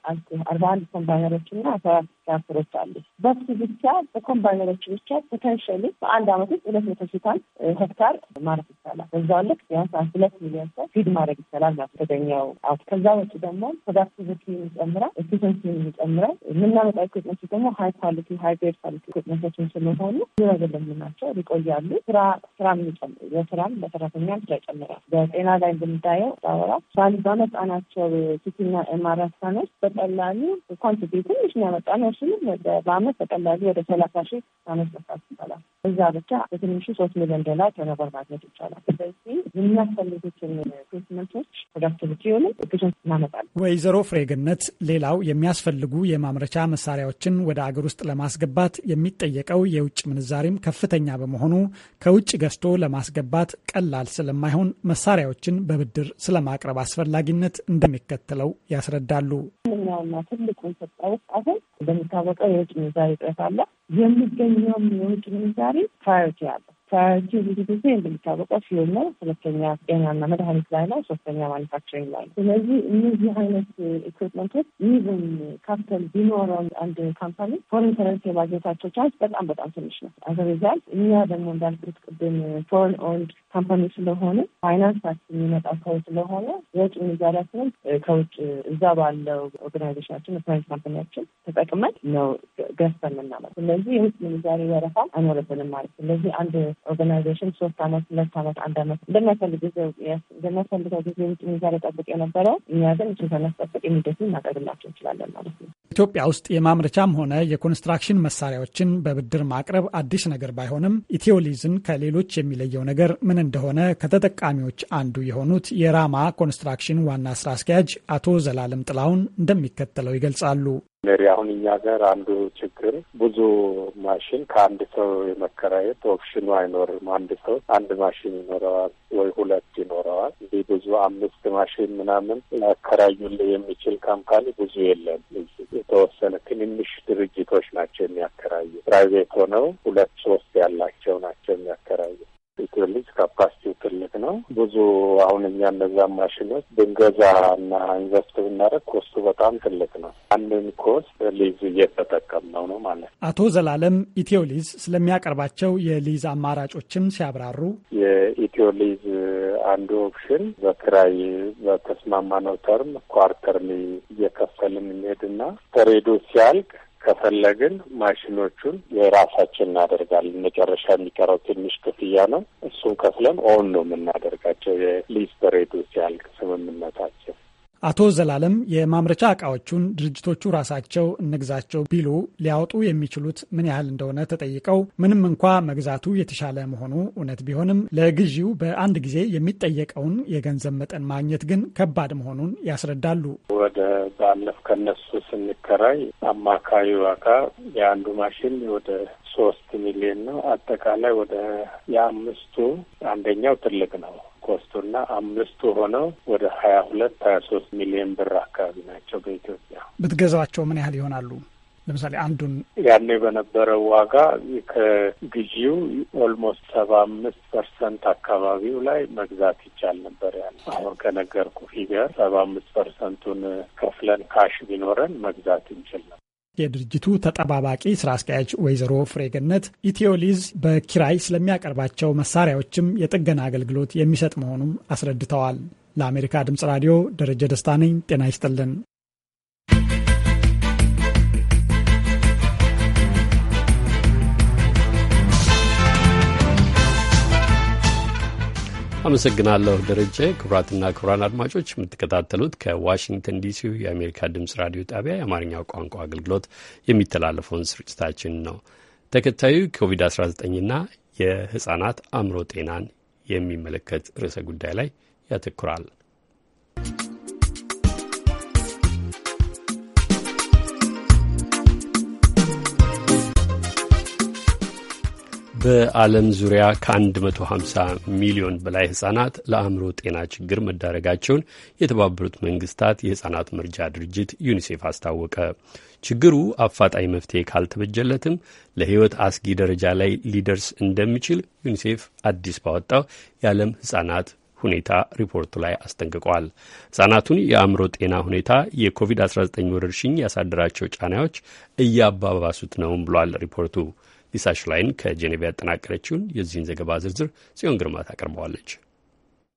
አርባ አንድ ኮምባይነሮች እና ትራንስፈሮች አሉ። በሱ ብቻ በኮምባይነሮች ብቻ ፖቴንሻሊ በአንድ አመት ውስጥ ሁለት መቶ ሺህ ሄክታር ማረፍ ይቻላል። በዛው ልክ ቢያንስ አንድ ሁለት ሚሊዮን ሰው ፊድ ማድረግ ይቻላል ማለት የተገኘው አውት። ከዛ ውጭ ደግሞ ፕሮዳክቲቪቲ ይጨምራል፣ ኤፊሽንሲ ይጨምራል። የምናመጣ ኢኩዊፕመንቶች ደግሞ ሀይ ኳሊቲ ሀይ ግሬድ ኳሊቲ ኢኩዊፕመንቶችን ስለሆኑ ዙረገለሙ ናቸው፣ ይቆያሉ። ስራ ስራ ይጨምራል፣ በስራም በሰራተኛም ስራ ይጨምራል። በጤና ላይ እንደምታየው ዳወራ ባሊ በመጣናቸው ሲቲና ኤምአር ስካኖች በቀላሉ ኳንቲቲ ትንሽ የሚያመጣ ነው ስንል በአመት በቀላሉ ወደ ሰላሳ ሺህ አመት መስራት ይባላል። እዛ ብቻ በትንሹ ሶስት ሚሊዮን ዶላር ተነበር ማግኘት ይቻላል። ስለዚህ የሚያስፈልጉትን ኢንቨስትመንቶች ወደ አክቲቪቲ ሆኑ ግሽን እናመጣለን። ወይዘሮ ፍሬግነት ሌላው የሚያስፈልጉ የማምረቻ መሳሪያዎችን ወደ አገር ውስጥ ለማስገባት የሚጠየቀው የውጭ ምንዛሪም ከፍተኛ በመሆኑ ከውጭ ገዝቶ ለማስገባት ቀላል ስለማይሆን መሳሪያዎችን በብድር ስለማቅረብ አስፈላጊነት እንደሚከተለው ያስረዳሉ። ምንኛውና ትልቁ ኢትዮጵያ ውስጥ አሁን እንደሚታወቀው የውጭ ምንዛሪ እጥረት አለ። የሚገኘውም የውጭ ምንዛሪ ፕራዮሪቲ አለ። ከዚህ ብዙ ጊዜ እንደሚታወቀው ፊውል ነው። ሁለተኛ ጤናና መድኃኒት ላይ ነው። ሶስተኛ ማኒፋክቸሪንግ ላይ ነው። ስለዚህ እነዚህ አይነት ኢኩዊፕመንቶች ኢቨን ካፒታል ቢኖረው አንድ ካምፓኒ ፎሬን ከረንሲ የማግኘታቸው ቻንስ በጣም በጣም ትንሽ ነው። አዘ ሪዛልት እኛ ደግሞ እንዳልኩት ቅድም ፎሬን ኦንድ ካምፓኒ ስለሆነ ፋይናንሳችን የሚመጣ ሰው ስለሆነ ወጪ ምንዛሪያችንም ከውጭ እዛ ባለው ኦርጋናይዜሽናችን ፋይናንስ ካምፓኒያችን ተጠቅመን ነው ገዝተን የምናመጣው። ስለዚህ የውጭ ምንዛሬ ወረፋ አይኖርብንም ማለት ስለዚህ አንድ ኦርጋናይዜሽን ሶስት አመት ሁለት አመት አንድ አመት እንደሚያስፈልግ እንደሚያስፈልገው ጊዜ ውጭ ሚዛ ጠብቅ የነበረው እኛ ግን እሱ በመስጠበቅ የሚደቱ እናቀርብላቸው እንችላለን ማለት ነው። ኢትዮጵያ ውስጥ የማምረቻም ሆነ የኮንስትራክሽን መሳሪያዎችን በብድር ማቅረብ አዲስ ነገር ባይሆንም ኢትዮሊዝን ከሌሎች የሚለየው ነገር ምን እንደሆነ ከተጠቃሚዎች አንዱ የሆኑት የራማ ኮንስትራክሽን ዋና ስራ አስኪያጅ አቶ ዘላለም ጥላሁን እንደሚከተለው ይገልጻሉ። ሜሪ አሁን እኛ ጋር አንዱ ችግር ብዙ ማሽን ከአንድ ሰው የመከራየት ኦፕሽኑ አይኖርም። አንድ ሰው አንድ ማሽን ይኖረዋል ወይ ሁለት ይኖረዋል። እዚህ ብዙ አምስት ማሽን ምናምን ያከራዩልህ የሚችል ካምፓኒ ብዙ የለም። የተወሰነ ትንንሽ ድርጅቶች ናቸው የሚያከራዩ። ፕራይቬት ሆነው ሁለት ሶስት ያላቸው ናቸው የሚያከራዩ ኢትዮ ልጅ ካፓሲቲው ትልቅ ነው። ብዙ አሁን እኛ እነዛ ማሽኖች ብንገዛ እና ኢንቨስት ብናደረግ ኮስቱ በጣም ትልቅ ነው። አንድን ኮስት ሊዝ እየተጠቀም ነው ማለት አቶ ዘላለም ኢትዮ ሊዝ ስለሚያቀርባቸው የሊዝ አማራጮችም ሲያብራሩ የኢትዮ ሊዝ አንዱ ኦፕሽን በክራይ በተስማማነው ተርም ኳርተርሊ እየከፈልን እንሄድና ተሬዶ ሲያልቅ ከፈለግን ማሽኖቹን የራሳችን እናደርጋለን። መጨረሻ የሚቀረው ትንሽ ክፍያ ነው። እሱን ከፍለን ኦን ነው የምናደርጋቸው የሊስ ፐሬዱ ሲያልቅ ስምምነታችን አቶ ዘላለም የማምረቻ እቃዎቹን ድርጅቶቹ ራሳቸው እንግዛቸው ቢሉ ሊያወጡ የሚችሉት ምን ያህል እንደሆነ ተጠይቀው ምንም እንኳ መግዛቱ የተሻለ መሆኑ እውነት ቢሆንም ለግዢው በአንድ ጊዜ የሚጠየቀውን የገንዘብ መጠን ማግኘት ግን ከባድ መሆኑን ያስረዳሉ። ወደ ባለፍ ከነሱ ስንከራይ አማካዩ ዋጋ የአንዱ ማሽን ወደ ሶስት ሚሊዮን ነው። አጠቃላይ ወደ የአምስቱ አንደኛው ትልቅ ነው ኮስቱና አምስቱ ሆነው ወደ ሀያ ሁለት ሀያ ሶስት ሚሊዮን ብር አካባቢ ናቸው በኢትዮጵያ። ብትገዛቸው ምን ያህል ይሆናሉ? ለምሳሌ አንዱን ያኔ በነበረው ዋጋ ከግዢው ኦልሞስት ሰባ አምስት ፐርሰንት አካባቢው ላይ መግዛት ይቻል ነበር። ያለ አሁን ከነገርኩ ፊገር ሰባ አምስት ፐርሰንቱን ከፍለን ካሽ ቢኖረን መግዛት እንችል ነበር። የድርጅቱ ተጠባባቂ ስራ አስኪያጅ ወይዘሮ ፍሬገነት ኢትዮሊዝ በኪራይ ስለሚያቀርባቸው መሳሪያዎችም የጥገና አገልግሎት የሚሰጥ መሆኑን አስረድተዋል። ለአሜሪካ ድምጽ ራዲዮ ደረጀ ደስታ ነኝ። ጤና ይስጥልን። አመሰግናለሁ ደረጀ። ክቡራትና ክቡራን አድማጮች የምትከታተሉት ከዋሽንግተን ዲሲው የአሜሪካ ድምፅ ራዲዮ ጣቢያ የአማርኛው ቋንቋ አገልግሎት የሚተላለፈውን ስርጭታችን ነው። ተከታዩ ኮቪድ-19ና የህጻናት አእምሮ ጤናን የሚመለከት ርዕሰ ጉዳይ ላይ ያተኩራል። በዓለም ዙሪያ ከ150 ሚሊዮን በላይ ህጻናት ለአእምሮ ጤና ችግር መዳረጋቸውን የተባበሩት መንግስታት የህጻናት መርጃ ድርጅት ዩኒሴፍ አስታወቀ። ችግሩ አፋጣኝ መፍትሄ ካልተበጀለትም ለህይወት አስጊ ደረጃ ላይ ሊደርስ እንደሚችል ዩኒሴፍ አዲስ ባወጣው የዓለም ህጻናት ሁኔታ ሪፖርቱ ላይ አስጠንቅቋል። ህጻናቱን የአእምሮ ጤና ሁኔታ የኮቪድ-19 ወረርሽኝ ያሳደራቸው ጫናዎች እያባባሱት ነውም ብሏል ሪፖርቱ። ሊሳ ሽላይን ከጄኔቭ ያጠናቀረችውን የዚህን ዘገባ ዝርዝር ጽዮን ግርማ ታቀርበዋለች።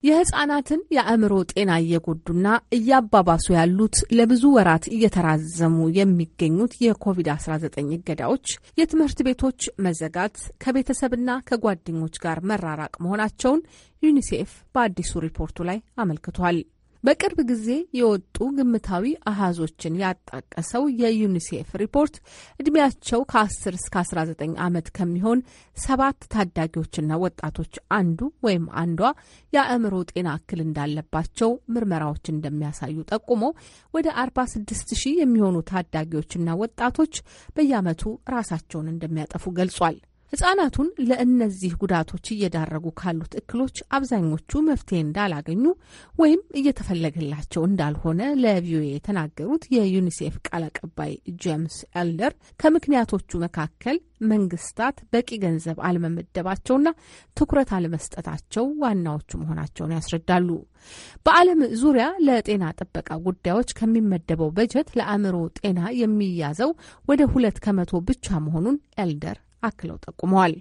የህጻናትን የአእምሮ ጤና እየጎዱና እያባባሱ ያሉት ለብዙ ወራት እየተራዘሙ የሚገኙት የኮቪድ-19 እገዳዎች፣ የትምህርት ቤቶች መዘጋት፣ ከቤተሰብና ከጓደኞች ጋር መራራቅ መሆናቸውን ዩኒሴፍ በአዲሱ ሪፖርቱ ላይ አመልክቷል። በቅርብ ጊዜ የወጡ ግምታዊ አሃዞችን ያጣቀሰው የዩኒሴፍ ሪፖርት እድሜያቸው ከ10 እስከ 19 ዓመት ከሚሆን ሰባት ታዳጊዎችና ወጣቶች አንዱ ወይም አንዷ የአእምሮ ጤና እክል እንዳለባቸው ምርመራዎች እንደሚያሳዩ ጠቁሞ ወደ 46 ሺህ የሚሆኑ ታዳጊዎችና ወጣቶች በየዓመቱ ራሳቸውን እንደሚያጠፉ ገልጿል። ህጻናቱን ለእነዚህ ጉዳቶች እየዳረጉ ካሉት እክሎች አብዛኞቹ መፍትሄ እንዳላገኙ ወይም እየተፈለገላቸው እንዳልሆነ ለቪኦኤ የተናገሩት የዩኒሴፍ ቃል አቀባይ ጄምስ ኤልደር ከምክንያቶቹ መካከል መንግስታት በቂ ገንዘብ አለመመደባቸውና ትኩረት አለመስጠታቸው ዋናዎቹ መሆናቸውን ያስረዳሉ። በዓለም ዙሪያ ለጤና ጥበቃ ጉዳዮች ከሚመደበው በጀት ለአእምሮ ጤና የሚያዘው ወደ ሁለት ከመቶ ብቻ መሆኑን ኤልደር አክለው ጠቁመዋል።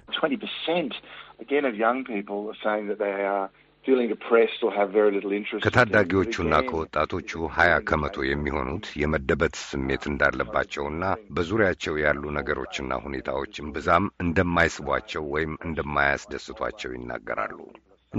ከታዳጊዎቹና ከወጣቶቹ ሀያ ከመቶ የሚሆኑት የመደበት ስሜት እንዳለባቸውና በዙሪያቸው ያሉ ነገሮችና ሁኔታዎች ብዛም እንደማይስቧቸው ወይም እንደማያስደስቷቸው ይናገራሉ።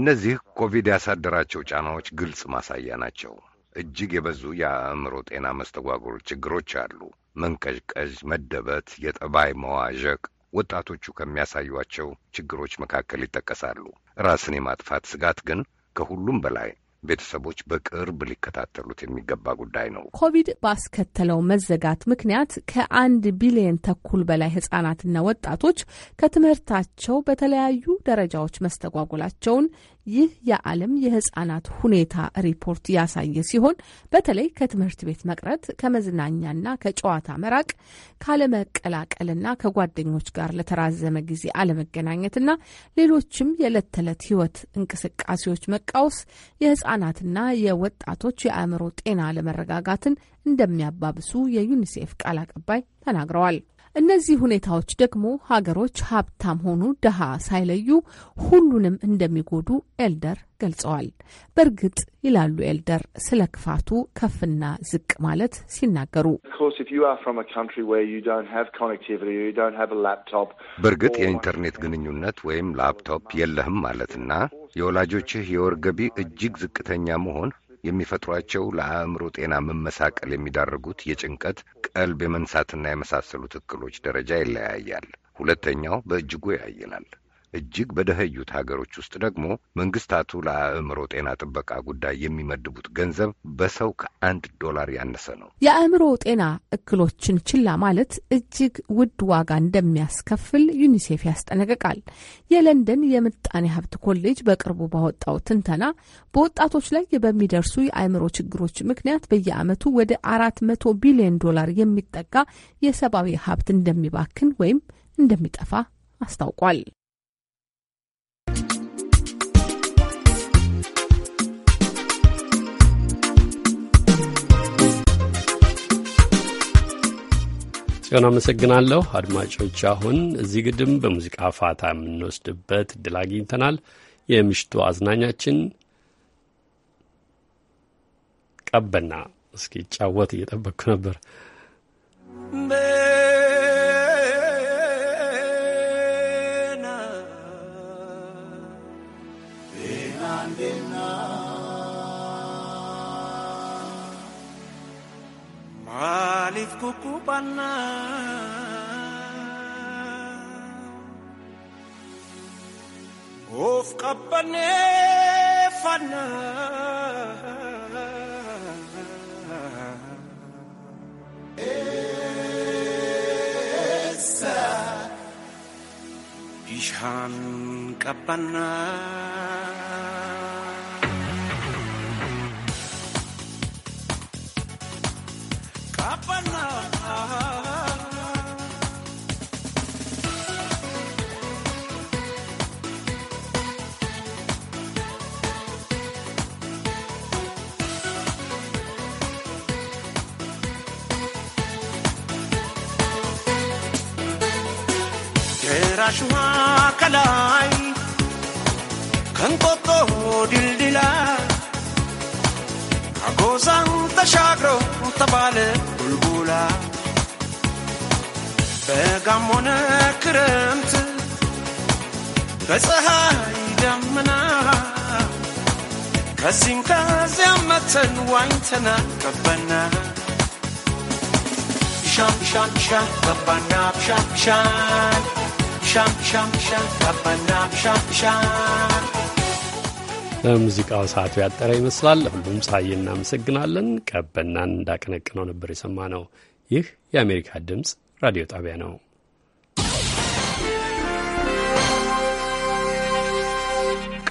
እነዚህ ኮቪድ ያሳደራቸው ጫናዎች ግልጽ ማሳያ ናቸው። እጅግ የበዙ የአእምሮ ጤና መስተጓጎል ችግሮች አሉ። መንቀዥቀዥ፣ መደበት፣ የጠባይ መዋዠቅ፣ ወጣቶቹ ከሚያሳዩቸው ችግሮች መካከል ይጠቀሳሉ። ራስን የማጥፋት ስጋት ግን ከሁሉም በላይ ቤተሰቦች በቅርብ ሊከታተሉት የሚገባ ጉዳይ ነው። ኮቪድ ባስከተለው መዘጋት ምክንያት ከአንድ ቢሊየን ተኩል በላይ ህጻናትና ወጣቶች ከትምህርታቸው በተለያዩ ደረጃዎች መስተጓጎላቸውን ይህ የዓለም የህጻናት ሁኔታ ሪፖርት ያሳየ ሲሆን በተለይ ከትምህርት ቤት መቅረት፣ ከመዝናኛና ከጨዋታ መራቅ፣ ካለመቀላቀልና ከጓደኞች ጋር ለተራዘመ ጊዜ አለመገናኘትና ሌሎችም የዕለት ተዕለት ህይወት እንቅስቃሴዎች መቃወስ የህጻናትና የወጣቶች የአእምሮ ጤና አለመረጋጋትን እንደሚያባብሱ የዩኒሴፍ ቃል አቀባይ ተናግረዋል። እነዚህ ሁኔታዎች ደግሞ ሀገሮች ሀብታም ሆኑ ድሃ ሳይለዩ ሁሉንም እንደሚጎዱ ኤልደር ገልጸዋል። በእርግጥ ይላሉ ኤልደር ስለ ክፋቱ ከፍና ዝቅ ማለት ሲናገሩ፣ በእርግጥ የኢንተርኔት ግንኙነት ወይም ላፕቶፕ የለህም ማለትና የወላጆችህ የወር ገቢ እጅግ ዝቅተኛ መሆን የሚፈጥሯቸው ለአእምሮ ጤና መመሳቀል የሚዳርጉት የጭንቀት ቀልብ የመንሳትና የመሳሰሉት እክሎች ደረጃ ይለያያል። ሁለተኛው በእጅጉ ያይላል። እጅግ በደህዩት ሀገሮች ውስጥ ደግሞ መንግስታቱ ለአእምሮ ጤና ጥበቃ ጉዳይ የሚመድቡት ገንዘብ በሰው ከአንድ ዶላር ያነሰ ነው። የአእምሮ ጤና እክሎችን ችላ ማለት እጅግ ውድ ዋጋ እንደሚያስከፍል ዩኒሴፍ ያስጠነቅቃል። የለንደን የምጣኔ ሀብት ኮሌጅ በቅርቡ ባወጣው ትንተና በወጣቶች ላይ በሚደርሱ የአእምሮ ችግሮች ምክንያት በየአመቱ ወደ አራት መቶ ቢሊዮን ዶላር የሚጠጋ የሰብአዊ ሀብት እንደሚባክን ወይም እንደሚጠፋ አስታውቋል። ጽዮን አመሰግናለሁ። አድማጮች አሁን እዚህ ግድም በሙዚቃ ፋታ የምንወስድበት እድል አግኝተናል። የምሽቱ አዝናኛችን ቀበና እስኪጫወት እየጠበቅኩ ነበር። rizku ku pannaa of qabbanneeffannaa. Eessa bishaan kapana. አዳራሽዋ ከላይ ከንቆጦ ድልድላ ከጎዛው ተሻግሮ ተባለ ጉልጉላ በጋም ሆነ ክረምት በፀሐይ ደመና ከዚህም ከዚያም መተን ዋኝተና ቀበና ሻ sham, sham, babana, sham, sham. በሙዚቃው ሰዓቱ ያጠረ ይመስላል። ለሁሉም ሳይ እናመሰግናለን። ቀበናን እንዳቀነቅነው ነበር የሰማ ነው። ይህ የአሜሪካ ድምፅ ራዲዮ ጣቢያ ነው።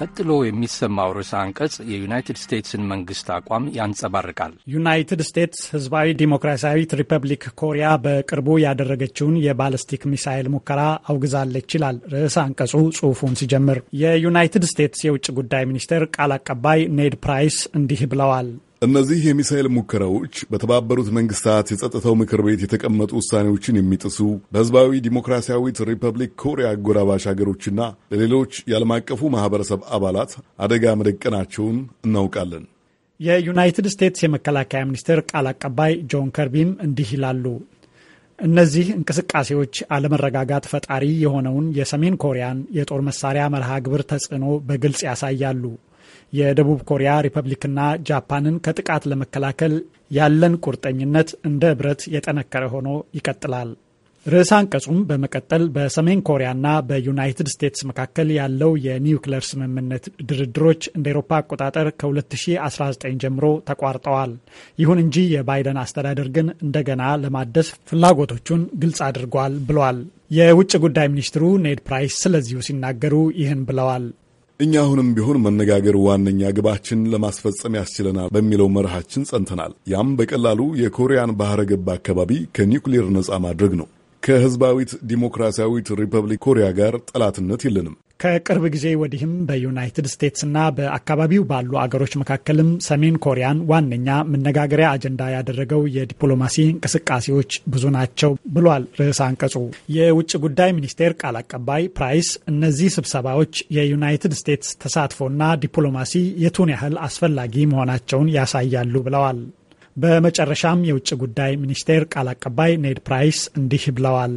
ቀጥሎ የሚሰማው ርዕሰ አንቀጽ የዩናይትድ ስቴትስን መንግስት አቋም ያንጸባርቃል። ዩናይትድ ስቴትስ ህዝባዊ ዲሞክራሲያዊት ሪፐብሊክ ኮሪያ በቅርቡ ያደረገችውን የባለስቲክ ሚሳይል ሙከራ አውግዛለች ይላል ርዕሰ አንቀጹ ጽሑፉን ሲጀምር። የዩናይትድ ስቴትስ የውጭ ጉዳይ ሚኒስቴር ቃል አቀባይ ኔድ ፕራይስ እንዲህ ብለዋል። እነዚህ የሚሳኤል ሙከራዎች በተባበሩት መንግስታት የጸጥታው ምክር ቤት የተቀመጡ ውሳኔዎችን የሚጥሱ በህዝባዊ ዲሞክራሲያዊት ሪፐብሊክ ኮሪያ አጎራባሽ ሀገሮችና ለሌሎች የዓለም አቀፉ ማህበረሰብ አባላት አደጋ መደቀናቸውን እናውቃለን። የዩናይትድ ስቴትስ የመከላከያ ሚኒስቴር ቃል አቀባይ ጆን ከርቢም እንዲህ ይላሉ። እነዚህ እንቅስቃሴዎች አለመረጋጋት ፈጣሪ የሆነውን የሰሜን ኮሪያን የጦር መሳሪያ መርሃ ግብር ተጽዕኖ በግልጽ ያሳያሉ። የደቡብ ኮሪያ ሪፐብሊክና ጃፓንን ከጥቃት ለመከላከል ያለን ቁርጠኝነት እንደ ብረት የጠነከረ ሆኖ ይቀጥላል። ርዕሰ አንቀጹም በመቀጠል በሰሜን ኮሪያና በዩናይትድ ስቴትስ መካከል ያለው የኒውክለር ስምምነት ድርድሮች እንደ ኤሮፓ አቆጣጠር ከ2019 ጀምሮ ተቋርጠዋል። ይሁን እንጂ የባይደን አስተዳደር ግን እንደገና ለማደስ ፍላጎቶቹን ግልጽ አድርጓል ብሏል። የውጭ ጉዳይ ሚኒስትሩ ኔድ ፕራይስ ስለዚሁ ሲናገሩ ይህን ብለዋል። እኛ አሁንም ቢሆን መነጋገር ዋነኛ ግባችን ለማስፈጸም ያስችለናል በሚለው መርሃችን ጸንተናል። ያም በቀላሉ የኮሪያን ባህረ ገብ አካባቢ ከኒውክሌር ነፃ ማድረግ ነው። ከህዝባዊት ዲሞክራሲያዊት ሪፐብሊክ ኮሪያ ጋር ጠላትነት የለንም። ከቅርብ ጊዜ ወዲህም በዩናይትድ ስቴትስና በአካባቢው ባሉ አገሮች መካከልም ሰሜን ኮሪያን ዋነኛ መነጋገሪያ አጀንዳ ያደረገው የዲፕሎማሲ እንቅስቃሴዎች ብዙ ናቸው ብሏል ርዕስ አንቀጹ። የውጭ ጉዳይ ሚኒስቴር ቃል አቀባይ ፕራይስ እነዚህ ስብሰባዎች የዩናይትድ ስቴትስ ተሳትፎና ዲፕሎማሲ የቱን ያህል አስፈላጊ መሆናቸውን ያሳያሉ ብለዋል። በመጨረሻም የውጭ ጉዳይ ሚኒስቴር ቃል አቀባይ ኔድ ፕራይስ እንዲህ ብለዋል።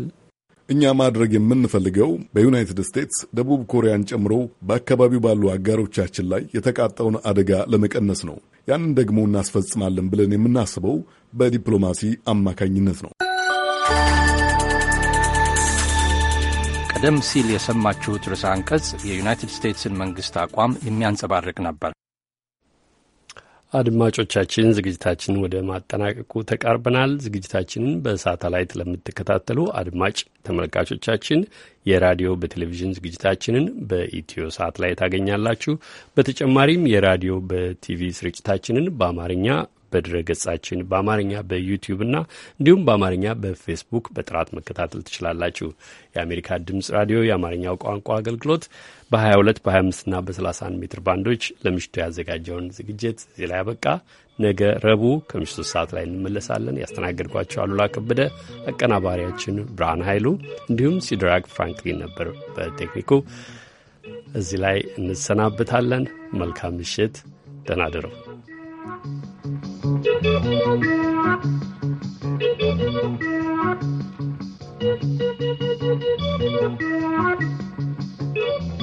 እኛ ማድረግ የምንፈልገው በዩናይትድ ስቴትስ ደቡብ ኮሪያን ጨምሮ በአካባቢው ባሉ አጋሮቻችን ላይ የተቃጣውን አደጋ ለመቀነስ ነው። ያንን ደግሞ እናስፈጽማለን ብለን የምናስበው በዲፕሎማሲ አማካኝነት ነው። ቀደም ሲል የሰማችሁት ርዕሰ አንቀጽ የዩናይትድ ስቴትስን መንግሥት አቋም የሚያንጸባርቅ ነበር። አድማጮቻችን ዝግጅታችንን ወደ ማጠናቀቁ ተቃርበናል። ዝግጅታችንን በሳተላይት ለምትከታተሉ አድማጭ ተመልካቾቻችን የራዲዮ በቴሌቪዥን ዝግጅታችንን በኢትዮ ሳት ላይ ታገኛላችሁ። በተጨማሪም የራዲዮ በቲቪ ስርጭታችንን በአማርኛ በድረ ገጻችን በአማርኛ በዩቲዩብ እና እንዲሁም በአማርኛ በፌስቡክ በጥራት መከታተል ትችላላችሁ። የአሜሪካ ድምፅ ራዲዮ የአማርኛው ቋንቋ አገልግሎት በ22 በ25ና በ31 ሜትር ባንዶች ለምሽቱ ያዘጋጀውን ዝግጅት እዚህ ላይ ያበቃ። ነገ ረቡዕ ከምሽቱ ሰዓት ላይ እንመለሳለን። ያስተናገድኳቸው አሉላ ከበደ፣ አቀናባሪያችን ብርሃን ኃይሉ እንዲሁም ሲድራግ ፍራንክሊን ነበር በቴክኒኩ። እዚህ ላይ እንሰናብታለን። መልካም ምሽት፣ ደህና you.